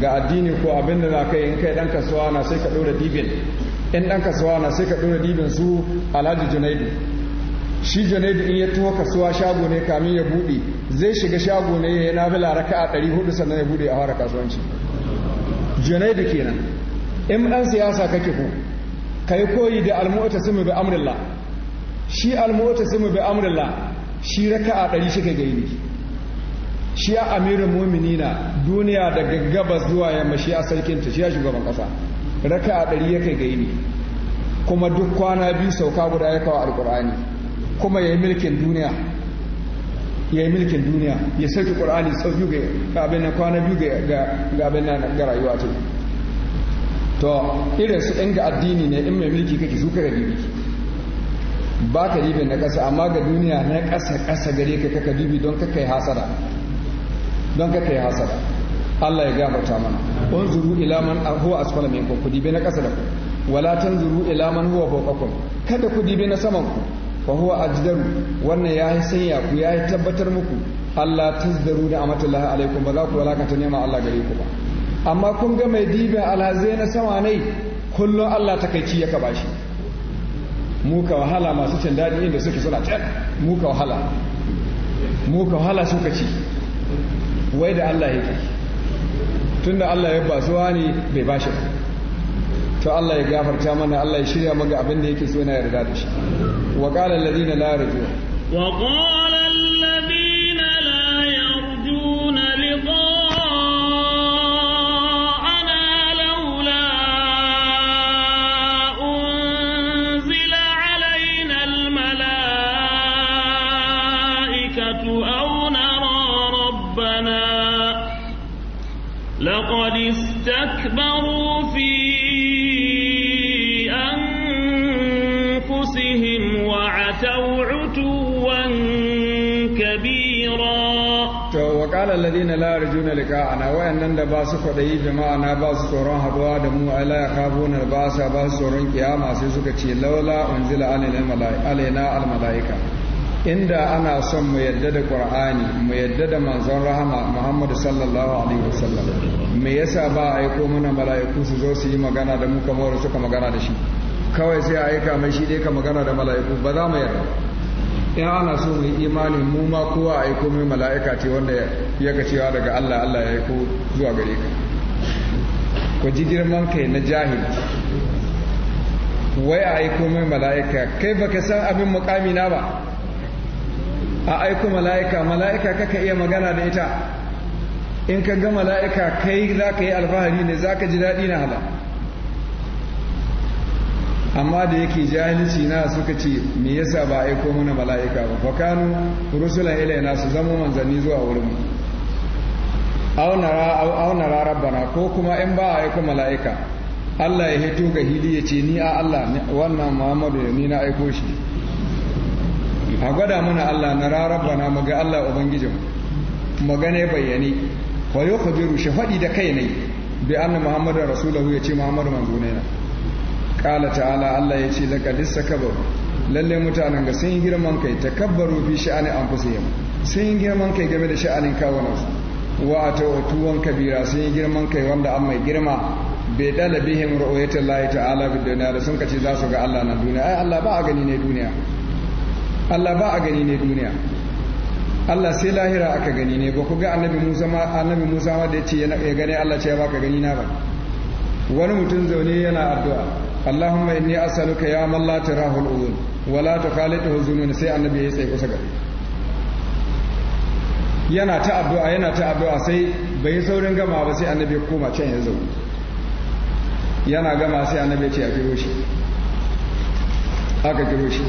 ga addini ko abin da za ka yi in kai ɗan kasuwa na sai ka ɗora dibin in ɗan kasuwa na sai ka ɗora dibin su alhaji junaidu shi junaidu in ya tuho kasuwa shago ne kamin ya buɗe zai shiga shago ne ya na nafila raka a ɗari hudu sannan ya buɗe a fara kasuwanci junaidu kenan in ɗan siyasa kake ko ka koyi da almu'ata simu bi amrillah shi almu'ata simu bi amrillah shi raka a ɗari shi ka gaini shi ya amirin muminina duniya daga gabas zuwa yamma shi sarkin sarkinta shi ya shugaban ƙasa raka a ɗari ya kai ga yini kuma duk kwana biyu sauka guda ya kawo alƙur'ani kuma ya yi milkin duniya ya yi milkin duniya ya sauki ƙur'ani sau biyu ga abin nan kwana biyu ga abin nan ga rayuwa ce to irin su ɗan ga addini ne in mai milki kake su ka rabi ba ka ribe na ƙasa amma ga duniya na ƙasa ƙasa gare ka kaka dubi don kakai hasara don kakai hasara Allah ya gafarta mana wanzuru ila man huwa asfala minkum ku dibe na kasa da ku wala tanzuru ila man huwa fawqakum kada ku dibe na saman ku fa huwa ajdaru wannan yayi sanya ku yayi tabbatar muku Allah tazdaru da amatullahi alaikum ba za ku walakanta nema Allah gare ku ba amma kun ga mai dibe alhazai na sama ne kullum Allah takaici ya kaba shi mu ka wahala masu cin daɗi inda suke suna can mu ka wahala mu ka wahala suka ci wai da Allah yake tunda Allah ya basuwa ne bai bashi to Allah ya gafarta mana Allah ya shirya maga abin da yake so yana yarda da shi wa qala alladhina la yarjuna wa alladhina la yarjuna liqa'ana wayannan da ba su kwadayi bi ma'ana ba tsoron haduwa da mu ala yakhafuna ba'sa ba su tsoron kiyama sai suka ce laula unzila alayna almalaika inda ana son mu yadda da qur'ani mu yadda da manzon rahama muhammadu sallallahu alaihi wasallam me yasa ba a aiko mana mala'iku su zo su yi magana da mu kamar suka magana da shi kawai sai a aika mai shi dai ka magana da mala'iku ba za mu yarda in ana so mu yi imanin mu ma kowa a aiko mai mala'ika ce wanda ya ga cewa daga Allah Allah ya aiko zuwa gare ka ku ji girman kai na jahil wai a aiko mai mala'ika kai baka san abin mukami na ba a aiko mala'ika mala'ika kaka iya magana da ita in ka ga mala'ika kai za ka yi alfahari ne zaka ka ji daɗi na hala amma da yake jahilci na suka ce me yasa ba aiko mana mala'ika ba fa kanu rusulan ilaina su zama manzanni zuwa wurin mu aunara rabbana ko kuma in ba a aiko mala'ika Allah ya hito ga hili ya ce ni a Allah wannan Muhammadu ni na aiko shi a gwada mana Allah na rabbana mu ga Allah ubangijin mu ga bayyane fa yukhbiru shi faɗi da kai ne bi anna Muhammadu rasulahu ya ce Muhammadu manzo ne na ƙala ta'ala Allah ya ce dissa kabar lalle mutanen ga sun yi girman kai kabbaru fi sha'ani an yamma sun yi girman kai game da sha'anin kawunansu wa tuwon kabira sun yi girman kai wanda an mai girma bai dala bihim ru'yatul lahi ta'ala bid dunya da sun kace za su ga Allah na duniya ai Allah ba a gani ne duniya Allah ba a gani ne duniya Allah sai lahira aka gani ne ba ku ga annabi Musa ma annabi Musa ma da yace ya gane Allah ce ya baka gani na ba wani mutum zaune yana addu'a Allahumma inni as'aluka ya man la tarahu al-uyun wa la tukhalitu zunun sai annabi ya tsaye kusa gare yana ta addu'a yana ta addu'a sai bai yi saurin gama ba sai annabi ya koma can ya zauna yana gama sai annabi ya ce a kiro shi aka kiro shi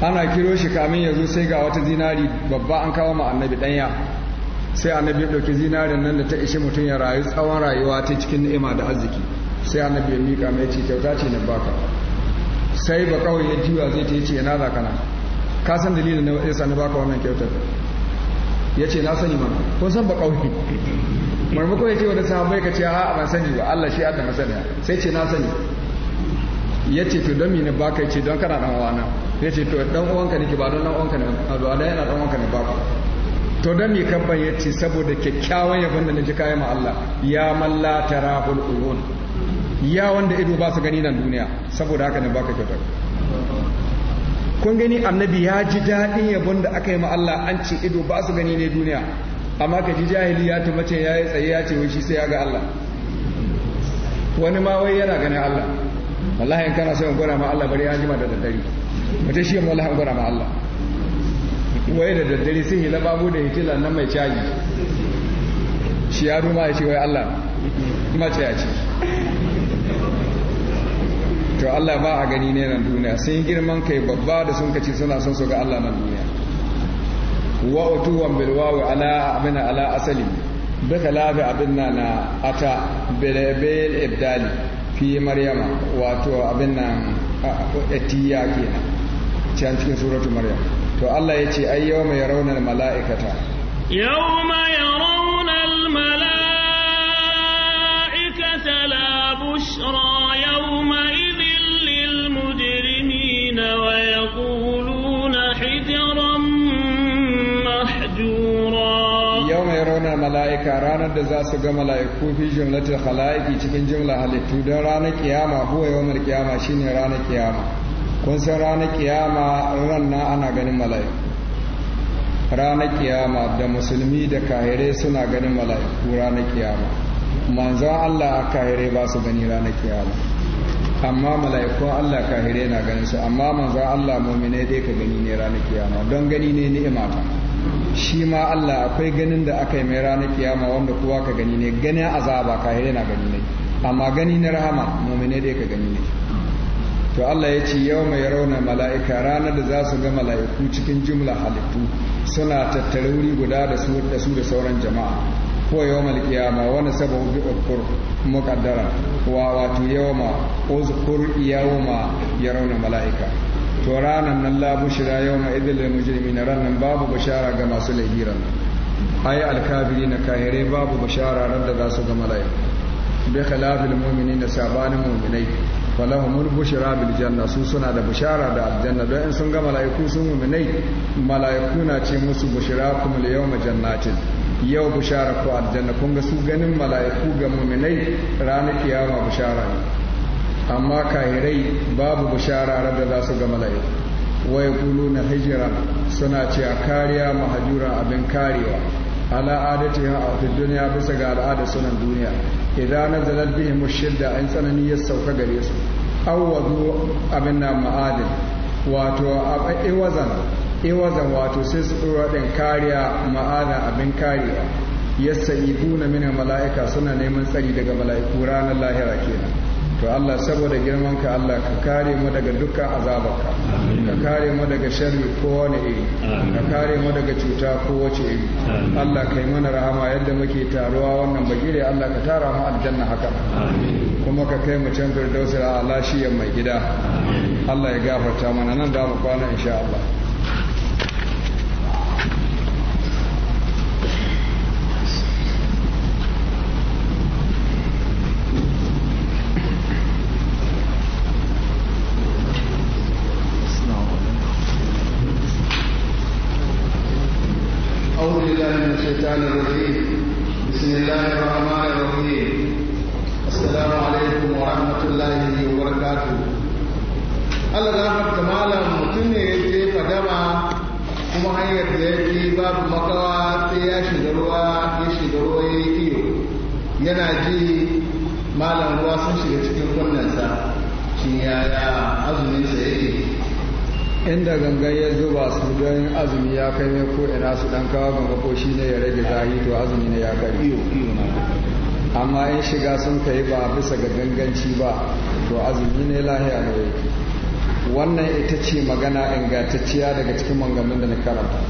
ana kiro shi kamin ya zo sai ga wata zinari babba an kawo ma annabi danya sai annabi ya ɗauki zinarin nan da ta ishi mutum ya rayu tsawon rayuwa ta cikin ni'ima da arziki sai annabi ya miƙa mai ce kyauta ce na baka sai ba kawai ya jiwa zai ta ce yana za kana ka san dalilin na yasa na baka wannan kyautar ya ce na sani ma kun san ba kawai marmako ya ce wani sahabai ka ce a ban sani ba Allah shi Allah masani sai ce na sani ya ce to don mina baka ce don kana dan wana ya ce to dan uwanka nake ba don dan uwanka ne ba dan yana dan uwanka ne ba to don me kabban ya ce saboda kyakkyawan yabon da nake kai ma Allah ya mallata rahul ulun ya wanda ido ba su gani nan duniya saboda haka ne baka kyautar kun gani annabi ya ji daɗin yabon da aka yi ma Allah an ce ido ba su gani ne duniya amma ka ji jahili ya ta mace ya yi tsaye ya ce wai shi sai ya ga Allah wani ma wai yana ganin Allah wallahi in kana son gwada ma Allah bari ya jima da daddare mace shi ma wallahi gwada ma Allah wai da daddare sai hila babu da hitila nan mai caji shi ya ruma ya ce wai Allah kuma ce ya ce to Allah ba a gani ne nan duniya sun yi girman kai babba da sun kace suna son su ga Allah nan duniya wa utuwan bil wawi ala abin ala asali bi khilafi abin na ata bil ibdali fi maryama wato abin nan atiya kenan can cikin suratu maryam to Allah ya ce ai yawma yarawna al mala'ikata yawma yarawna al mala'ikata la bushra raunar mala'ika ranar da za su ga mala'iku fi jumlatul khalaiki cikin jumla halittu don ranar kiyama huwa yawmul kiyama shi ne ranar kiyama kun san ranar kiyama ranna ana ganin mala'iku ranar kiyama da musulmi da kahire suna ganin mala'iku ranar kiyama manzan Allah a kahire ba su gani ranar kiyama amma mala’iku Allah kahire na ganin su amma manzan Allah mumine dai ka gani ne ranar kiyama don gani ne ni'imata shi ma Allah akwai ganin da aka yi mai ranar kiyama wanda kowa ka gani ne ganin azaba ka yana gani ne amma gani na rahama mumine dai ka gani ne to Allah ya ce yau mai rauna mala'ika ranar da za su ga mala'iku cikin jumla halittu suna tattare wuri guda da su da sauran jama'a ko yau mal kiyama wani sabon bi ukur muqaddara wa wato yawma uzkur ya rauna mala'ika to ranan nan la bushira yawma idil lil mujrimina ranan babu bashara ga masu laifi ay al na kahire babu bashara ran da za ga mala'iku bi khilafil mu'minina da sabanin mu'minai al bushra bil janna su suna da bashara da aljanna don in sun ga mala'iku sun mu'minai mala'iku na ce musu bushra kumul yawma jannatin yau bushara ko aljanna kun ga su ganin mala'iku ga mu'minai ranar kiyama bushara ne amma kahirai babu bishara da za su ga mala'i wa na hijira suna ce a kariya mahajura abin karewa ala adati a duniya bisa ga al'ada sunan duniya idan nazalat bihim shidda an tsanani ya sauka gare su awwadu abin na ma'adin wato iwazan eh, iwazan eh, wato sai su ɗora ɗin kariya ma'adin abin kariya yasta ibuna mina mala'ika suna neman tsari daga mala'iku ranar lahira kenan to Allah saboda girman ka Allah ka kare mu daga dukkan azabarka ka kare mu daga sharri wani iri ka kare mu daga cuta ko kowace iri Allah kai mana rahama yadda muke taruwa wannan bagire Allah ka tara mu aljanna haka kuma ka kai mu can firdausi a lashiyar mai gida Allah ya gafarta mana nan da mu kwana insha Allah بالله من الشيطان الرجيم بسم الله الرحمن الرحيم السلام عليكم ورحمة الله وبركاته Allah na farta malam mutum ne ya je fadama kuma hanyar da ya fi babu makawa sai ya shiga ruwa ya shiga ruwa ya yi kiyo yana ji malam ruwa sun shiga cikin kunnensa shin yaya azuminsa yake inda gangan ya zuba su don azumi ya kai mai ko ina su dan kawo gama ko shi ne ya rage zahi to azumi ne ya kari amma in shiga sun kai ba bisa ga ganganci ba to azumi ne lahiya ne wannan ita ce magana ingantacciya daga cikin mangamin da na karanta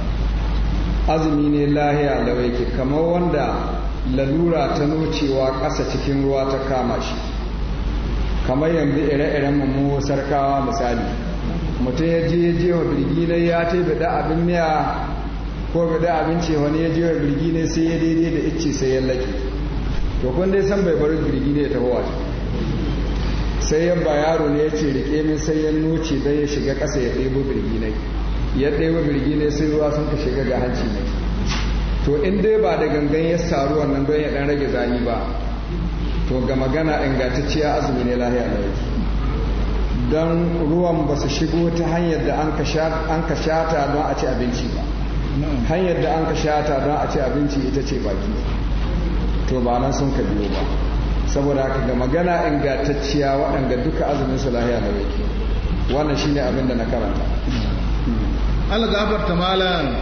azumi ne lahiya da yake kamar wanda lalura ta nocewa ƙasa cikin ruwa ta kama shi kamar yanzu ire-iren mummuwar sarkawa misali mutum ya je je wa birgi ne ya ta bada abin miya ko bada abinci wani ya je wa birgi ne sai ya daidai da icce sai ya laki to kun dai san bai bar birgi ne ta wata sai ya ba yaro ne ya ce rike min sai ya noce dan ya shiga ƙasa ya ɗebo birgi ne ya ɗebo birgi ne sai ruwa sun ka shiga ga hanci ne to in dai ba da gangan ya saru wannan don ya ɗan rage zani ba to ga magana ingantacciya azumi ne lahiya yake don ruwan ba su shigo ta hanyar da an ka shata don a ci abinci ba hanyar da an ka shata don a ci abinci ita ce baki to ba nan sun ka biyo ba saboda haka ga magana ingantacciya waɗanda duka azumin su lahiya da yake wannan shine abin da na karanta algafar Malam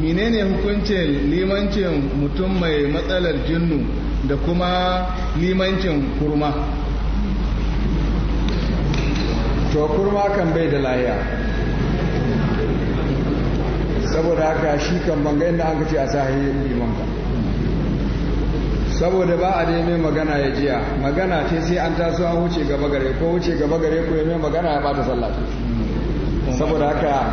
menene hukuncin limancin mutum mai matsalar jinnu da kuma limancin kurma to kurma kan bai da lahiya saboda haka shi kan banga inda an kace a sahi liman ka saboda ba a mai magana ya jiya magana ce sai an taso an wuce gaba gare ko wuce gaba gare ko ya mai magana ya bata sallah saboda haka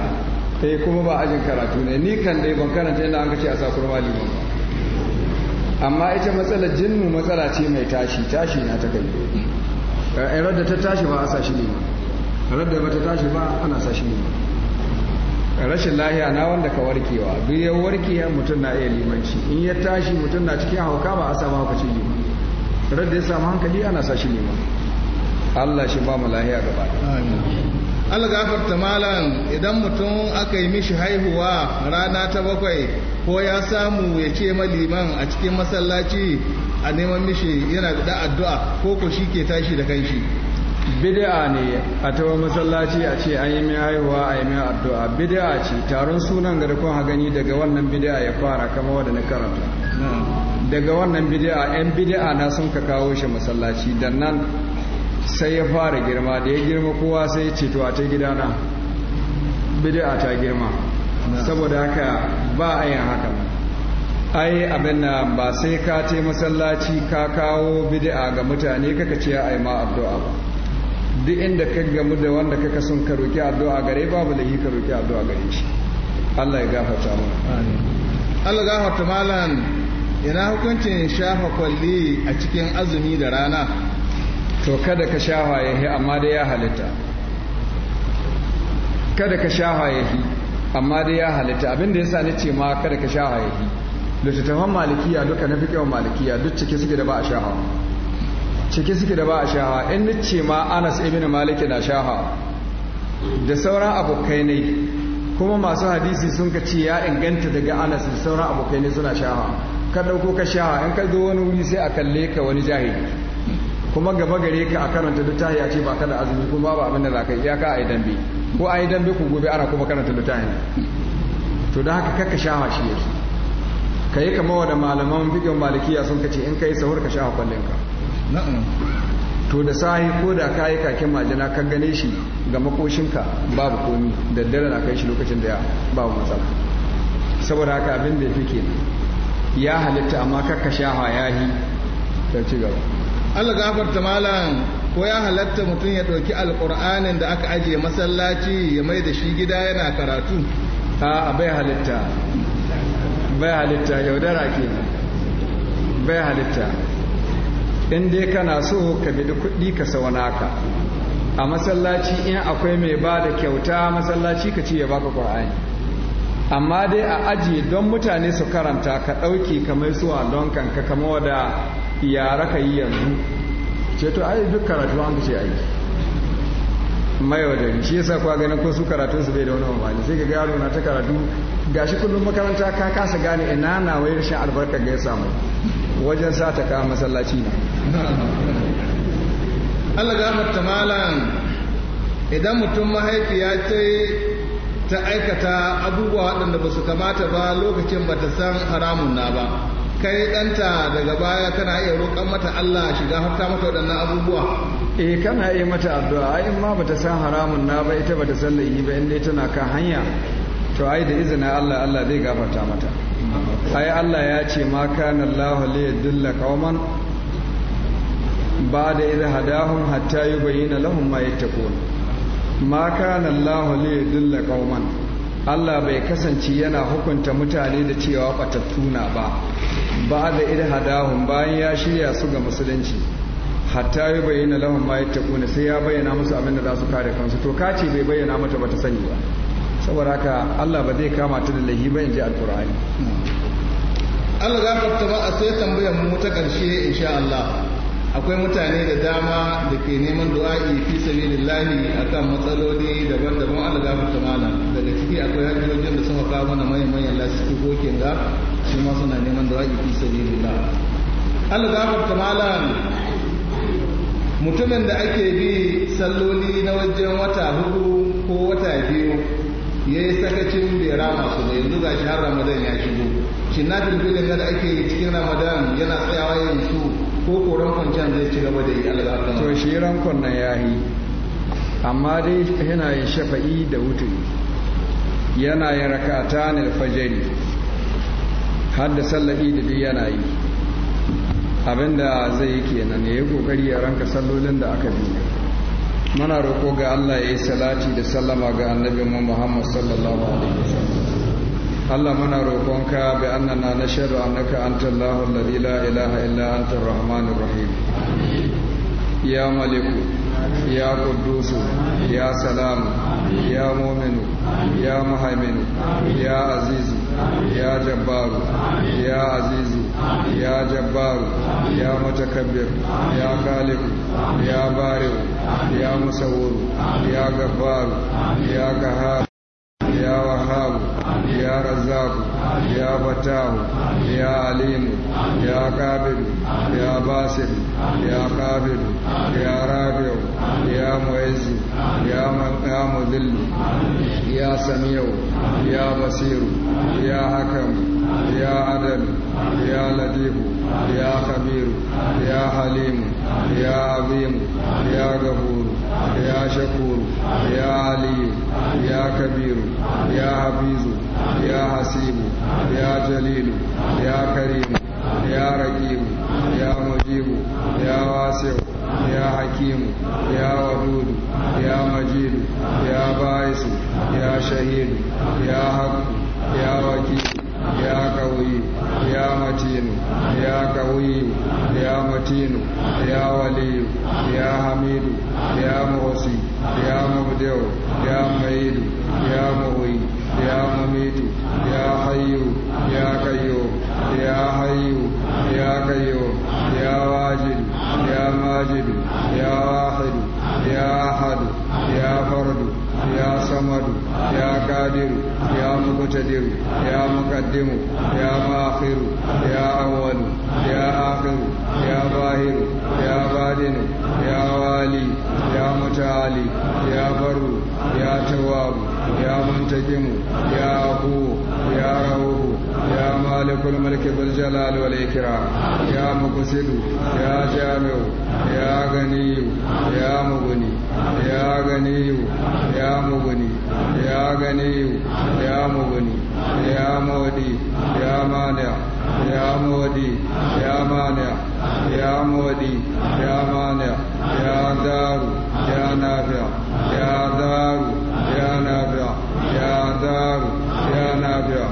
kai eh, kuma ba ajin karatu ne ni kan dai ban karanta inda an kace a sa kurma liman amma ita matsalar jinnu matsala ce mai tashi tashi na ta kai eh, in radda ta tashi ba a sa shi liman da ba ta tashi ba ana sa shi ne rashin lahiya na wanda ka warkewa duk ya warke mutum na iya limanci in ya tashi mutum na cikin hauka ba a samu haukaci ne da ya samu hankali ana sa shi ne Allah shi ba mu lahiya gaba Allah ta malam idan mutum aka yi mishi haihuwa rana ta bakwai ko ya samu ya ce maliman a cikin masallaci a neman mishi yana da addu'a ko ko shi ke tashi da kanshi bidi'a ne a tawa masallaci a ce an yi mai haihuwa a yi mai addu'a bid'a ce taron sunan garkon hagani daga wannan bid'a ya fara kama wadda na daga wannan bid'a yan bid'a na sun ka kawo shi masallaci dan nan sai ya fara girma da ya girma kowa sai ya ce a ta gidana bid'a ta girma saboda haka ba a yin haka ai abin na ba sai ka ce masallaci ka kawo bid'a ga mutane kaka ce a yi ma addu'a ba duk inda ka gamu da wanda kaka sun ka roki addu'a gare babu da yi ka roki addu'a gare shi Allah ya gafarta mu Allah gafarta malan ina hukuncin shafa kwalli a cikin azumi da rana to kada ka shafa yahi amma dai ya halitta kada ka shafa yahi amma dai ya halitta abin da yasa nace ma kada ka shafa yahi littattafan malikiya duka na fiƙewa malikiya duk cike suke da ba a shafa cike suke da ba a shaha in nice ma anas ibn malik na shaha da sauran abokai ne kuma masu hadisi sun ka ce ya inganta daga anas da sauran abokai ne suna shaha ka ɗauko ka shaha in ka zo wani wuri sai a kalle ka wani jahili kuma gaba gare ka a karanta littafi ya ce ba ka da azumi kuma babu abin da za ka yi iyaka a yi dambe ko a yi dambe ku gobe ana kuma karanta littafi to da haka kakka shaha shi yake ka yi kama wa da malaman fikin malikiya sun ka ce in ka yi sahur ka shaha kwallon ka to da sahi ko da yi kakin majina ka gane shi ga makoshinka babu komi daddare na kai shi lokacin da ya babu matsala saboda haka abin da fi kenan ya halitta amma kakka sha hayahi ta ci gaba Allah gafarta malam ko ya halatta mutum ya ɗauki alƙur'anin da aka ajiye masallaci ya mai da shi gida yana karatu a bai halitta bai halitta yaudara ke bai halitta in dai kana so ka bi kuɗi ka sauna ka a masallaci in akwai mai ba da kyauta masallaci ka ce ya baka qur'ani amma dai a aji don mutane su karanta ka ɗauki kamar suwa don kanka kama wada yara ka yi yanzu ce to ai duk karatu an ce ai mai wadari shi yasa kwa ganin ko su karatun su bai da wani amfani sai ga yaro na ta karatu gashi kullum makaranta ka kasa gane ina na wai rashin albarka ga ya samu wajen sa ta kama masallaci na Allah gafarta malam idan mutum mahaifiya ce ta aikata abubuwa waɗanda ba su kamata ba lokacin ba ta san haramun na ba kai ɗanta daga baya kana iya roƙon mata Allah shiga hafta mata waɗannan abubuwa eh kana iya mata addu'a in ma ba ta san haramun na ba ita ba ta san laifi ba in dai tana kan hanya to ai da izinin Allah Allah zai gafarta mata ai Allah ya ce ma kana Allah li yadulla qauman da idha hadahum hatta yubayyana lahum ma yattaqun ma kana Allah li yadulla qauman Allah bai kasance yana hukunta mutane da cewa batattu na ba da idha hadahum bayan ya shirya su ga musulunci hatta yi bayyana lahum ma yattaquna sai ya bayyana musu abin da za su kare kansu to kace bai bayyana mata ba ta sani ba saboda haka Allah ba zai kama ta da lahi ba in ji alkur'ani Allah za ka ba a sai tambayar mu ta ƙarshe insha Allah akwai mutane da dama da ke neman du'a'i fi sabilillahi akan matsaloli daban-daban Allah ga mutum malam daga ciki akwai hajjojin da suka kawo mana manyan lasiki gokin ga shi ma suna neman du'a'i fi sabilillah Allah za ka malam mutumin da ake bi salloli na wajen wata hudu ko wata biyu ya yi sakacin da ya rama su da yanzu ga shi har ramadan ya shigo shi na filfilin da ake yi cikin ramadan yana tsayawa yanzu ko rankon can zai ci gaba da yi albarkan to shi rankon nan ya yi amma dai yana yin shafa'i da wuturi yana yin rakata ne fajari har da sallafi da duk yana yi abinda zai yi kenan ya yi kokari ya ranka sallolin da aka biya muna roƙo ga Allah ya yi salati da sallama ga annabi mu Muhammad sallallahu alaihi wasallam Allah muna ka bi annana na nashhadu annaka antal lahu alladhi la ilaha illa anta arrahmanur rahim ya maliku ya quddusu ya salam ya mu'minu ya muhaiminu ya azizu ya jabbaru ya azizu ya jabbaru ya mutakabbir ya khaliq ya bari'u يا مصور يا غفار يا قهار يا وهاب يا رزاق يا فتاه يا عليم يا قابل يا باسل يا قابل يا رابع يا معز يا مذل يا سميع يا بصير يا حكم يا عدل يا لطيف يا خبير يا حليم يا عظيم يا غفور يا شكور يا علي يا كبير يا حفيظ يا حسيب يا جليل يا كريم يا رقيب يا مجيب يا واسع يا حكيم يا ودود يا مجيد يا باعث يا شهيد يا حق يا وكيل ya kawai ya matinu ya kawai ya matinu ya waliyu ya hamidu ya mawasi ya mabudewa ya maidu ya mawai ya mamitu ya hayu ya kayo ya hayu ya kayo ya wajidu ya majidu ya wahidu ya hadu ya fardu يا صمد يا قادر يا مقتدر يا مقدم يا ماخر يا أول يا آخر يا ظاهر يا بادن يا والي يا متعالي يا بر يا تواب يا منتجم يا أبو يا رؤوف يا مالك الملك ذو الجلال والإكرام يا مقسد يا جامع يا غني يا مغني ya gane yau ya mugune ya gane yau ya mugune ya modi ya mana ya modi ya mana ya modi ya mana ya zaru ya nafiya ya zaru ya nafiya ya zaru ya nafiya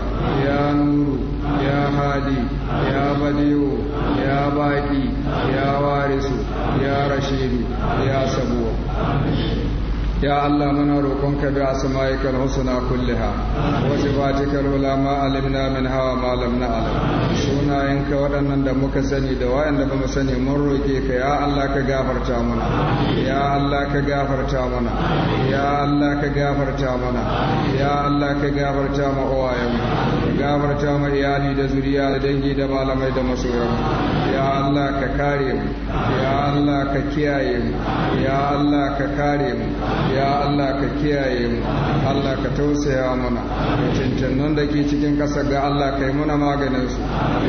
ya nuru ya hadi ya badiyo ya baki ya warisu ya rashidu ya sabu ya Allah muna roƙon roƙonka bi asma'ikal husna kulliha wa sifatikal ula ma alimna min hawa ma lam na'lam sunayenka waɗannan da muka sani da wayanda ba mu sani mun roƙe ka ya Allah ka gafarta mana ya Allah ka gafarta mana ya Allah ka gafarta mana ya Allah ka gafarta ma uwayen gafarta ma iyali da zuriya da dangi da malamai da masoyan ya Allah ka kare mu ya Allah ka kiyaye mu ya Allah ka kare mu ya Allah ka kiyaye mu Allah ka tausaya mana mutuntunan da ke cikin ƙasa ga Allah kai muna maganin su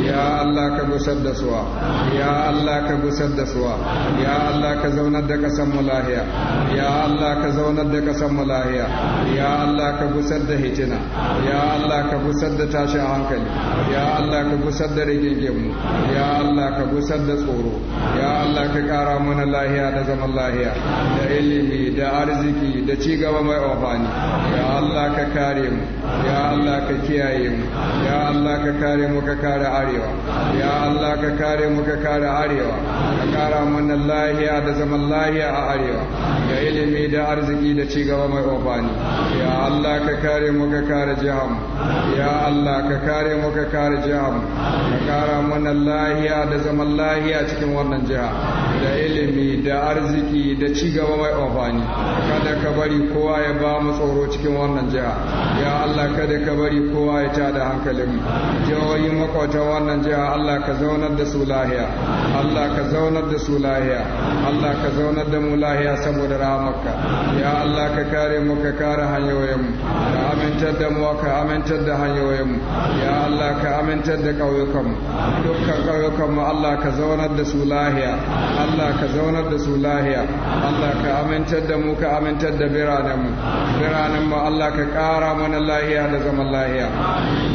ya Allah ka gusar da suwa ya Allah ka gusar da suwa ya Allah ka zaunar da ƙasar mu lahiya ya Allah ka zaunar da ƙasar mu lahiya ya Allah ka gusar da hitina ya Allah ka gusar da tashin hankali ya Allah ka gusar da rigingimu ya Allah ka gusar da tsoro ya Allah ka kara mana lahiya da zaman lahiya da ilimi da arziki da ci gaba mai amfani ya Allah ka kare mu ya Allah ka kiyaye mu ya Allah ka kare mu ka kare arewa ya Allah ka kare mu ka kare arewa ka kara mana lahiya da zaman lahiya a arewa da ilimi da arziki da ci gaba mai amfani ya Allah ka kare mu ka kare jiham. ya Allah ka kare mu ka kare jiham. ka kara mana lahiya da zaman lahiya cikin wannan jiha da ilimi da arziki da ci gaba mai amfani kada ka bari kowa ya ba mu tsoro cikin wannan jiha ya Allah kada ka bari kowa ya ta da hankalin jihohi makwata wannan jiha Allah ka zaunar da su lahiya Allah ka zaunar da su lahiya Allah ka zaunar da mu lahiya saboda rahamarka ya Allah ka kare mu ka kare hanyoyinmu ka amintar da mu ka amintar da hanyoyinmu ya Allah ka amintar da mu dukkan ƙauyukanmu Allah ka zaunar da su lahiya Allah ka zaunar da su lahiya Allah ka amintar da mu ka amintar da biranenmu biranenmu Allah ka ƙara mana lahiya da zaman lahiya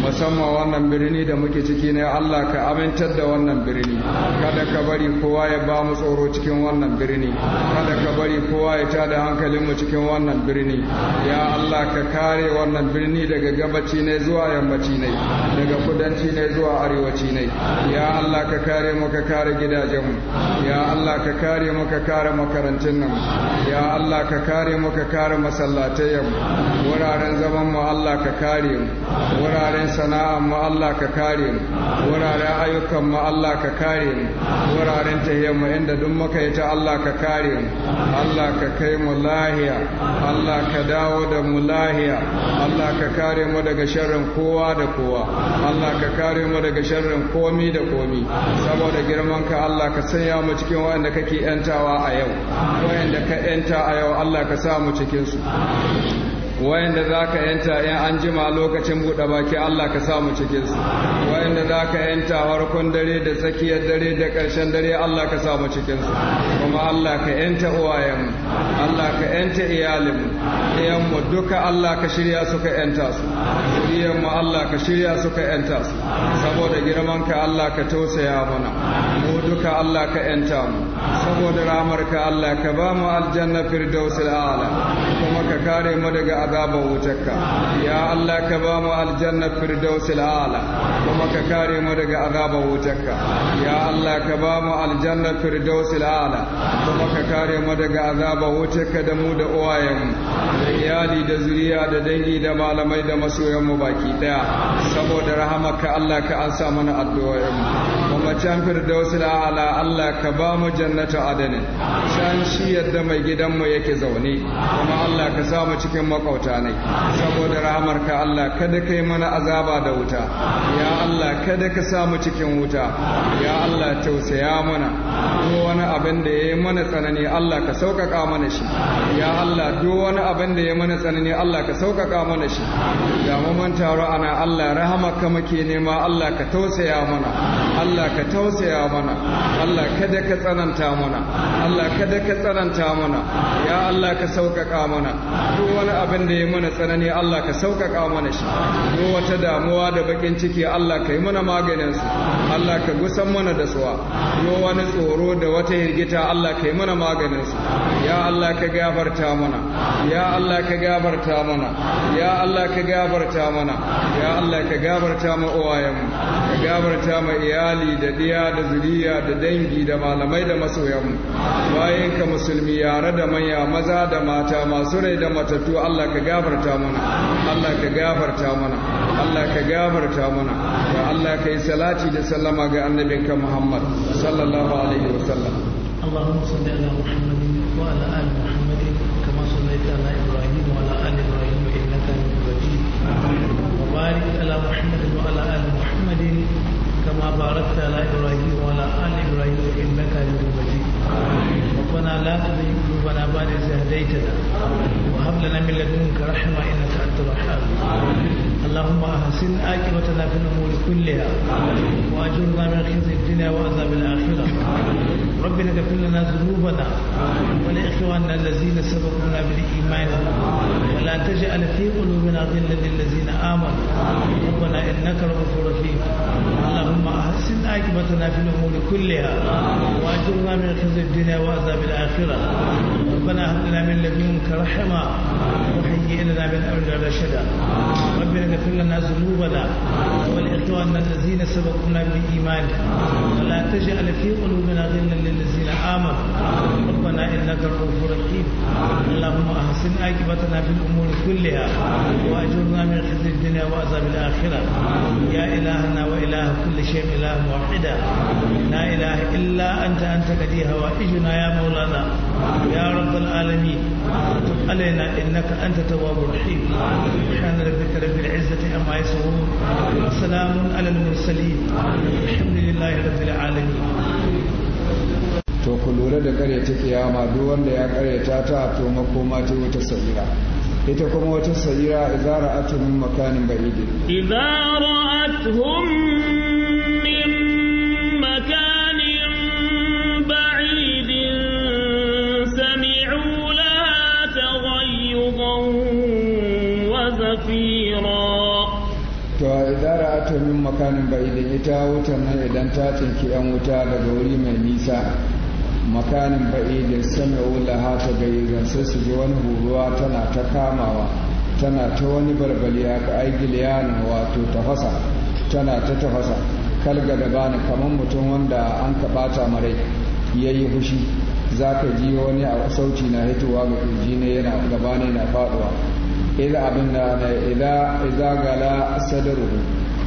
musamman wannan birni da muke ciki ne Allah ka amintar da wannan birni kada ka bari kowa ya ba mu tsoro cikin wannan birni kada ka bari kowa ya tada mu cikin wannan birni ya Allah ka kare wannan birni daga gabaci ne zuwa yammaci ne daga kudanci ne zuwa arewaci ne ya Allah ka kare kare mu ka kare mu ya Allah ka kare mu ka kare makarantun nan ya Allah ka kare mu ka kare masallatayen wuraren zaman mu Allah ka kare mu wuraren sana'an mu Allah ka kare mu wuraren ayyukan mu Allah ka kare mu wuraren tahiyyar mu inda duk muka yi ta Allah ka kare mu Allah ka kai mu lahiya Allah ka dawo da mu lahiya Allah ka kare mu daga sharrin kowa da kowa Allah ka kare mu daga sharrin komi da komi da girman ka Allah ka sanya mu cikin wanda kake yantawa a yau wanda ka yanta a yau Allah ka sa mu cikin su wayanda za ka yanta in an jima lokacin buɗe baki Allah ka samu cikinsu wayanda za ka yanta farkon dare da tsakiyar dare da ƙarshen dare Allah ka samu cikinsu kuma Allah ka yanta uwayenmu Allah ka yanta iyalinmu iyanmu duka Allah ka shirya suka yanta su iyanmu Allah ka shirya suka yanta su saboda ka Allah ka tausaya mana mu duka Allah ka yanta mu saboda ka Allah ka ba mu aljanna firdausil a'la kuma ka kare mu daga azabar wutarka ya Allah ka ba mu aljanna firdausil ala kuma ka kare mu daga azabar wutarka ya Allah ka ba mu aljanna firdausil ala kuma ka kare mu daga azabar wutarka da mu da uwayenmu da iyali da zuriya da dangi da malamai da masoyanmu baki daya saboda rahamaka Allah ka an sa mana mu. kuma da wasu a'la Allah ka ba mu jannatu adanin can shi yadda mai gidanmu yake zaune kuma Allah ka sa mu cikin makauta ne saboda rahamarka Allah kada kai mana azaba da wuta ya Allah kada ka sa mu cikin wuta ya Allah tausaya mana duk wani abin da ya yi mana tsanani Allah ka sauƙaƙa mana shi ya Allah duk wani abin da ya mana tsanani Allah ka sauƙaƙa mana shi da mun taro ana Allah rahama ka muke nema Allah ka tausaya mana Allah ka tausaya mana Allah kada ka tsananta mana Allah kada ka tsananta mana ya Allah ka sauƙaƙa mana duk wani abin da ya mana tsanani Allah ka sauƙaƙa mana shi duk wata damuwa da bakin ciki Allah ka yi mana maganin su Allah ka gusan mana da suwa duk wani tsoro da wata hirgita Allah ka yi mana maganin su ya Allah ka gafarta mana ya Allah ka gafarta mana ya Allah ka gafarta mana ya Allah ka gafarta ma uwayenmu ka gafarta ma iyali da diya da zuriya da dangi da malamai da masoyan bayan ka musulmi yare da manya maza da mata masu rai da matattu Allah ka gafarta mana Allah ka gafarta mana Allah ka gafarta mana ga Allah ka yi salati da sallama ga annabin ka Muhammad sallallahu alaihi wa sallam Allahumma salli ala Muhammadin wa ala ali Muhammadin kama sallaita ala Ibrahim wa ala ali Ibrahim innaka Hamid wa barik ala Muhammadin wa ala ali Muhammadin كما باركت على إبراهيم وعلى آل إبراهيم إنك حميد مجيد ربنا لا تزغ قلوبنا بعد إذ هديتنا وهب لنا من لدنك رحمة إنك أنت الوهاب اللهم أحسن آكبتنا في الأمور كلها وأجرنا من خزي الدنيا وأذاب الآخرة ربنا كفر لنا ذنوبنا ولإخواننا الذين سبقونا بالإيمان ولا تجعل في قلوبنا غلا للذين آمنوا ربنا إنك رؤوف رحيم اللهم أحسن آكبتنا في الأمور كلها وأجرنا من خزي الدنيا وأذاب الآخرة ربنا هب لنا من لدنك رحمة وهيئ لنا من أمرنا رشدا ربنا يغفر لنا ذنوبنا ولإخواننا الذين سبقونا بالإيمان ولا تجعل في قلوبنا غلا للذين آمنوا ربنا إنك رؤوف رحيم اللهم أحسن عاقبتنا في الأمور كلها وأجرنا من خزي الدنيا وعذاب الآخرة يا إلهنا وإله كل شيء إله واحدا لا إله إلا أنت أنت كديها وإجنا يا مولانا يا رب العالمين تب علينا إنك أنت تواب رحيم سبحان ربك رب العزة العزة عما يصفون سلام على المرسلين الحمد لله رب العالمين to ku lura da karyata kiyama duk wanda ya karyata ta to makoma ta wata sabira ita kuma wata sabira idza ra'atuhum makanin ba'idin idza ra'atuhum ta min makanin ba'idin ita wutar nan idan ta tsinki yan wuta daga wuri mai nisa makanin idan sami wula hata gayyizan sai su ji wani huruwa tana ta kamawa tana ta wani barbali aigiliya na wato tafasa tana ta tafasa kalga da bani kamar mutum wanda an kaɓata marai ya yi fushi za ka ji wani a sauti na hitowa ga ƙirji ne yana gabane na faduwa idan abin da na idan gala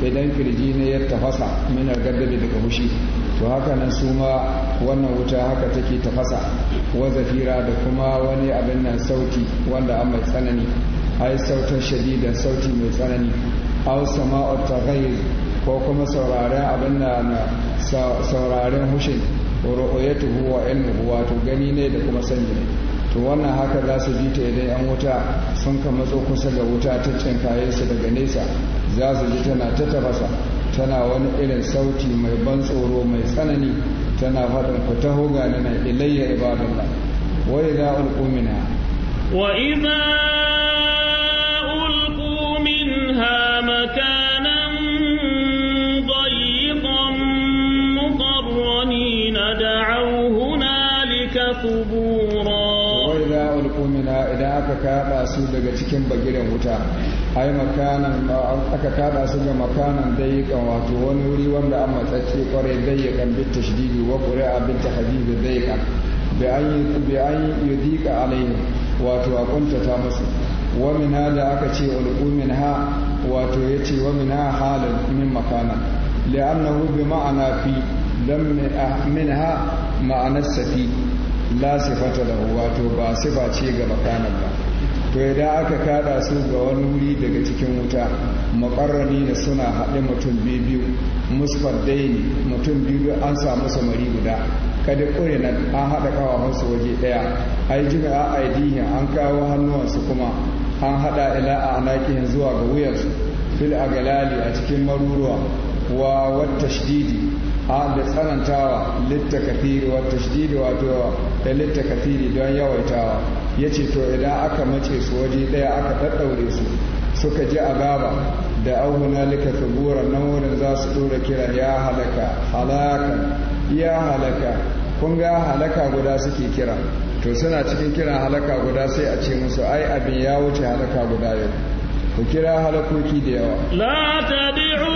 idan kirji ne ya tafasa min al daga hushi to haka nan su ma wannan wuta haka take tafasa wa zafira da kuma wani abin nan sauti wanda an mai tsanani ai sautin shadidan sauti mai tsanani aw sama'u taghayyur ko kuma sauraren abin nan sauraren hushin huwa wa huwa wato gani ne da kuma sanyi ne to wannan haka za su ji ta idan yan wuta sun ka matso kusa ga wuta ta cinkaye su daga nesa za su ji tana ta tafasa tana wani irin sauti mai ban tsoro mai tsanani tana faɗin ku taho ga na ilayya ibadallah wa idza ulqu minha wa idza ulqu minha makanan ضيقا مقرنين دعوا هنالك za a ألقوا idan aka kaɗa su daga cikin bagiren wuta ai makanan aka tada su ga makanan dayyukan wato wani wuri wanda an matsacce kwarai dayyukan bit tashdidi wa qura'a bit tahdidi dayyukan bi an bi an yudika alaihim wato a kuntata musu wa min hada aka ce ulqu ha wato yace wa min ha halan min makana li'annahu bi ma'ana fi lam ah, minha ma'ana safi la sifata lahu wato ba sifa ce ga makanan ba to idan aka kada su ga wani wuri daga cikin wuta makarrani da suna haɗe mutum biyu musfaddai ne mutum biyu an samu samari guda kada ƙure na an haɗa su waje ɗaya ai jina a aidihin an kawo hannuwansu kuma an haɗa ila a anaƙihin zuwa ga wuyarsu fil agalali a cikin maruruwa wa wata shididi a da tsanantawa litta kafiri wata da litta don yawaitawa ya ce to idan aka mace su waje ɗaya aka ɗaɗɗaure su suka ji a gaba da auna lika tsibura nan wurin za su ɗora kiran ya halaka halaka ya halaka kun ga halaka guda suke kira to suna cikin kiran halaka guda sai a ce musu ai abin ya wuce halaka guda yau ku kira halakoki da yawa la tadi'u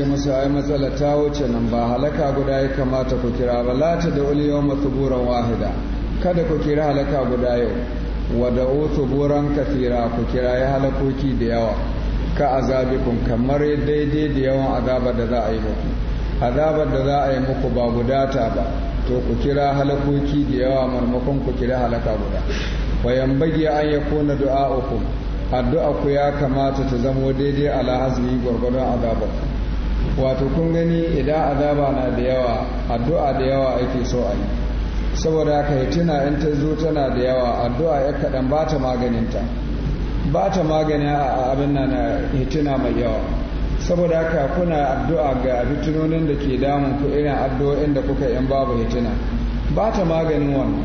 ce musu ai matsala ta wuce nan ba halaka guda ya kamata ku kira ba la ta da ul yawma wahida kada ku kira halaka guda yau wa da utuburan kafira ku kira ya halakoki da yawa ka kun kamar daidai da yawan azabar da za a yi muku azabar da za a yi muku ba gudata ba to ku kira halakoki da yawa marmakon ku kira halaka guda wa bagi an ya kona du'a uku addu'a ku ya kamata ta zamo daidai ala hazmi gwargwadon azabar wato kun gani idan azaba na da yawa addu'a da yawa ake so a yi saboda haka ya tuna in ta zo tana da yawa addu'a ya kaɗan ba ta maganinta ba ta magani a abin nan hitina mai yawa saboda haka kuna addu'a ga fitinonin da ke damun ku irin addu'o'in da kuka yan babu hitina ba ta maganin wannan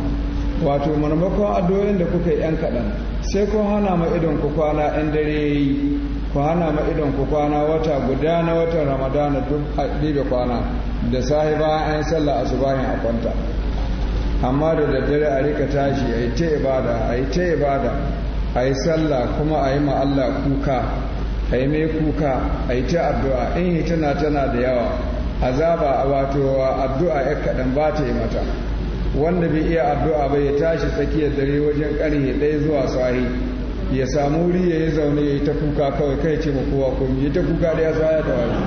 wato maimakon addu'o'in da kuka yan kaɗan sai kun hana ma idon ku kwana yan dare yayi kwana hana ma idan ku kwana wata guda na watan ramadana duk ɗibe kwana da sahi bayan an sallah asubahin a kwanta amma da daddare a rika tashi a yi ta ibada a yi ta ibada a yi sallah kuma a yi ma Allah kuka a yi mai kuka a yi ta addu'a in yi tana tana da yawa azaba a wato addu'a ya kaɗan ba ta yi mata wanda bai iya addu'a bai ya tashi tsakiyar dare wajen ƙarhe ɗaya zuwa sahi ya samu wuri ya yi zaune ya yi ta kuka kawai kai ce ma kowa komi ya ta kuka da ya tsaya da wani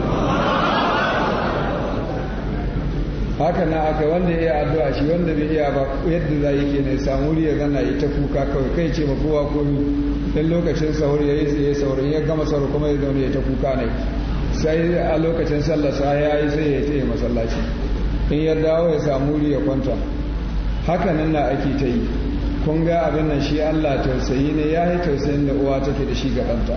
haka na aka wanda ya yi addu'a shi wanda bai iya ba yadda za yi kenan ya samu wuri ya zana ya ta kuka kawai kai ce ma kowa komi dan lokacin sahur ya yi tsaye sahur ya gama sahur kuma ya zaune ya ta kuka ne sai a lokacin sallah sa ya yi sai ya tsaye masallaci in ya dawo ya samu wuri ya kwanta haka nan na ake ta yi kun ga abin nan shi Allah tausayi ne ya yi tausayin da uwa take da shi ga ɗanta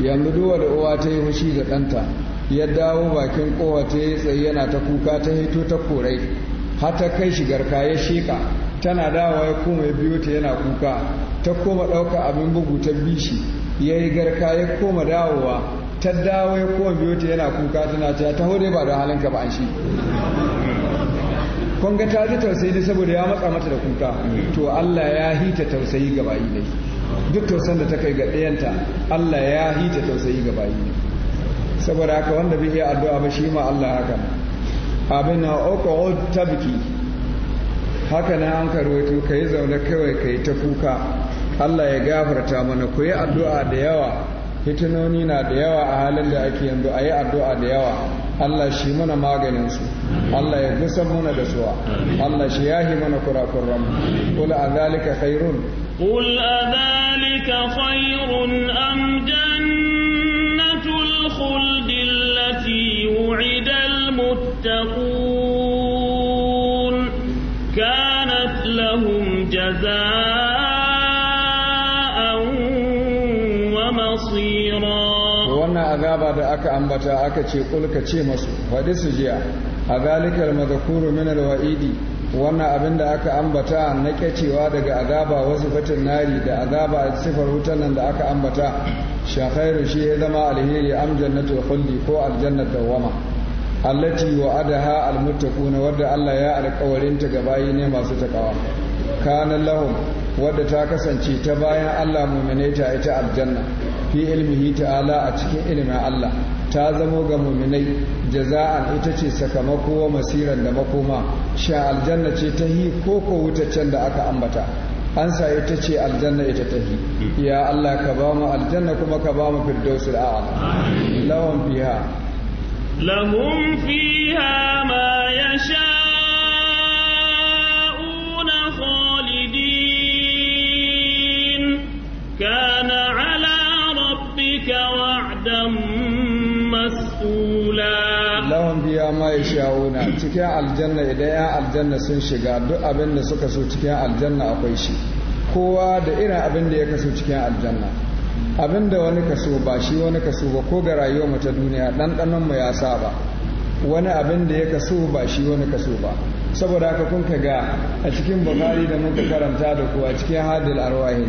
yanzu duwa da uwa ta yi hushi ga ɗanta ya dawo bakin kowa ta yi tsaye yana ta kuka ta hito ta korai har ta kai shi garka ya sheka tana dawa ya koma ya biyo ta yana kuka ta koma ɗauka abin bugu ta bishi ya yi garka ya koma dawowa ta dawo ya koma biyo ta yana kuka tana ta ta hode ba da halinka ba an shi kun ga ta ji tausayi dai saboda ya matsa mata da kuka to Allah ya hita tausayi ga bayi ne duk tausan da ta kai ga ɗayanta Allah ya hita tausayi ga bayi ne saboda haka wanda bai iya addu'a ba shi ma Allah haka abin na uqud tabki haka na an karwato kai zaune kawai kai ta kuka Allah ya gafarta mana ku yi addu'a da yawa hitunoni na da yawa a halin da ake yanzu a yi addu'a da yawa Allah shi mana maganin su Allah ya nisan mana da suwa Allah shi yahi mana kurakuran kul a zalika khairun kul a zalika khairun am jannatul khuld allati wu'ida al muttaqun kanat lahum jazaa ومصيرا wannan azaba da aka ambata aka ce kulka ce masu faɗi su jiya a zalikar mazakuru min alwa'idi wannan abin da aka ambata na kyacewa daga azaba wasu fatin nari da azaba a sifar wutan nan da aka ambata shakhairu shi ya zama alheri am jannatul khuldi ko aljannar dawama allati wa'adaha almuttaquna wadda Allah ya alƙawarinta ga bayi ne masu takawa kana lahum wadda ta kasance ta bayan Allah mu'minai ta ita aljanna fi ilmihi ta'ala a cikin ilimin Allah ta zamo ga muminai jaza'an ita ce sakamako wa masiran da makoma sha aljanna ce ta hi ko ko wutaccen da aka ambata an sa ita ce aljanna ita ta hi ya Allah ka ba mu aljanna kuma ka ba mu firdausul a'ala lawan fiha lahum fiha ma yasha كان رسولا لهم biya ما يشاءون cikin aljanna idan ya aljanna sun shiga duk abin da suka so cikin aljanna akwai shi kowa da irin abin da ya kaso cikin aljanna abin da wani kaso ba shi wani kaso ba ko ga rayuwar mu ta duniya ɗanɗanon mu ya saba wani abin da ya kaso ba shi wani kaso ba saboda haka kun ka ga a cikin bukari da muka karanta da kuwa cikin hadil arwahi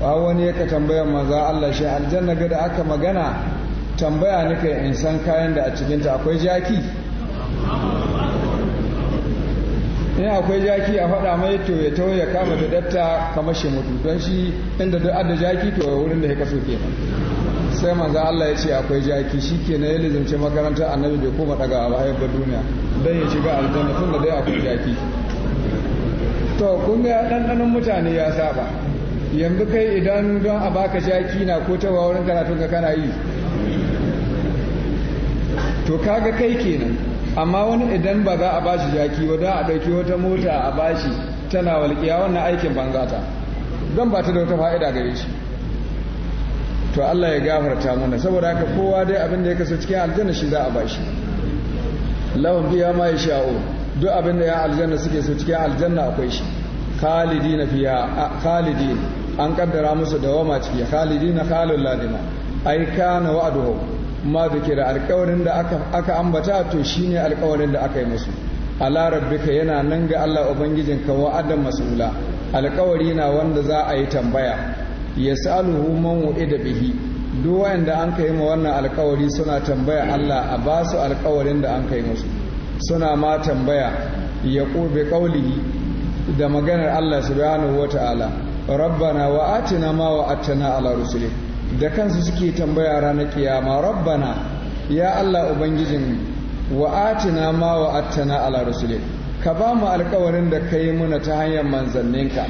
ba wani ya ka tambaya maza Allah shi aljanna ga da aka magana tambaya nika in san kayan da a cikinta akwai jaki in akwai jaki a faɗa mai to ya tawo ya kama da datta kamar shi mutu don shi inda duk adda jaki to wurin da ya kaso ke sai manzo Allah ya ce akwai jaki shi ke na ya lizimce makarantar annabi bai koma daga ba hayar duniya don ya shiga aljanna tun da dai akwai jaki to kun ga ɗanɗanon mutane ya saba yanzu kai idan don a baka jaki na ko ta wurin karatun ka kana yi to kaga kai kenan amma wani idan ba za a bashi jaki ba za a ɗauki wata mota a bashi tana walƙiya wannan aikin bangata don ba ta da wata fa'ida gare shi to Allah ya gafarta mana saboda haka kowa dai abin da ya kasa cikin aljanna shi za a bashi lawan biya ma ya sha'o duk abin da ya aljanna suke so cikin aljanna akwai shi khalidina fiya khalidin an kaddara musu dawama ciki khalidina khalul ladina ai kana wa'aduhu. ma zikira alkawarin da aka ambata to shine alkawarin da aka yi musu ala rabbika yana nan ga Allah ubangijinka wa'adan mas'ula alkawari na wanda za a yi tambaya Ya yasaluhu man da bihi duk wanda an kai ma wannan alkawari suna tambaya Allah a ba su alkawarin da an kai musu suna ma tambaya ya qurbi qaulihi da maganar Allah subhanahu wata'ala rabbana wa atina ma wa'atana ala rusulika da kansu suke tambaya ranar kiyama rabbana ya Allah ubangijin wa atina ma wa attana ala rusulik ka ba mu alkawarin da ka yi muna ta hanyar manzanninka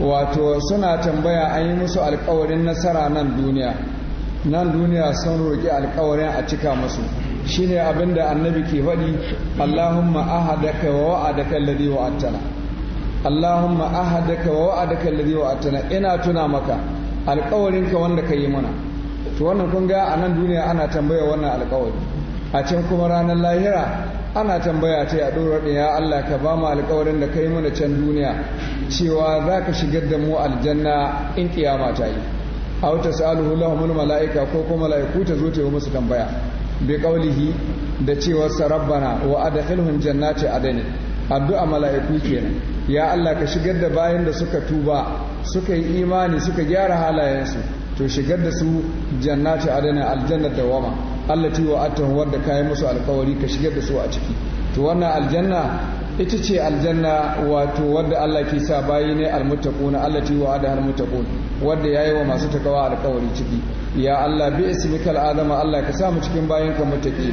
wato suna tambaya an yi musu alkawarin nasara nan duniya nan duniya sun roƙi alkawarin a cika musu shine abin da annabi ke faɗi allahumma ahadaka wa wa'adaka alladhi wa'adtana allahumma ahadaka wa wa'adaka alladhi wa'adtana ina tuna maka alkawarinka wanda ka yi mana to wannan kun ga a nan duniya ana tambaya wannan alkawari a can kuma ranar lahira ana tambaya ce a ɗora ya Allah ka ba mu alkawarin da ka yi mana can duniya cewa za ka shigar da mu aljanna in ƙiyama ta yi wata tasaluhu lahumul malaika ko kuma malaiku ta zo ta yi musu tambaya bi qaulihi da cewa sarabbana wa adkhilhum jannati adani addu'a malaiku kenan ya Allah ka shigar da bayan da suka tuba suka yi imani suka gyara halayensu to shigar da su jannati adana aljannar wama allati wa atahu wadda kai musu alkawari ka shigar da su a ciki to wannan aljanna ita ce aljanna wato wadda Allah ke sa bayi ne almuttaquna allati wa'ada almuttaqun wadda yayi wa masu takawa alƙawari ciki ya Allah bi ismikal adama Allah ka sa mu cikin bayin ka muttaqi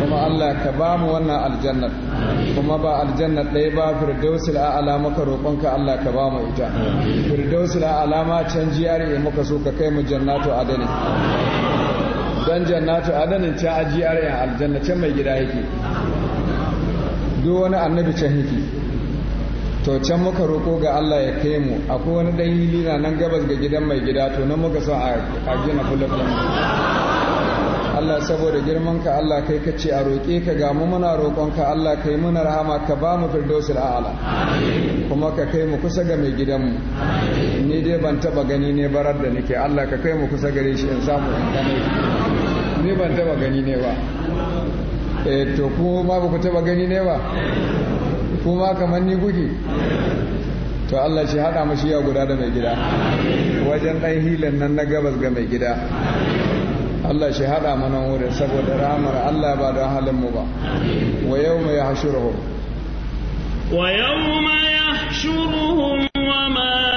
kuma Allah ka ba mu wannan aljanna kuma ba aljanna ɗaya ba firdausul a'la maka roƙonka Allah ka ba mu ita firdausul a'la ma can jiyari muka so ka kai mu jannatu adani dan jannatu adanin ta ajiyar aljanna can mai gida yake duk wani annabi can yake to can muka roƙo ga Allah ya kai mu akwai wani ɗan yi lina nan gabas ga gidan mai gida to nan muka son a gina fulafin Allah saboda girman ka Allah kai ka ce a roƙe ka ga mu muna roƙon ka Allah kai muna rahama ka ba mu firdausul a'ala kuma ka kai mu kusa ga mai gidanmu ni dai ban taba gani ne barar da nake Allah ka kai mu kusa gare shi in samu in gane ni ban taba gani ne ba eh to ku ma ba ku taba gani ne ba ku ma kamar ni kuke to Allah shi hada mashi ya guda da mai gida wajen ɗan hilan nan na gabas ga mai gida Allah shi hada mana wurin saboda ramar Allah ba don halin mu ba wa yau mai ya hashuruhum wa yau mai ya hashuruhum wa ma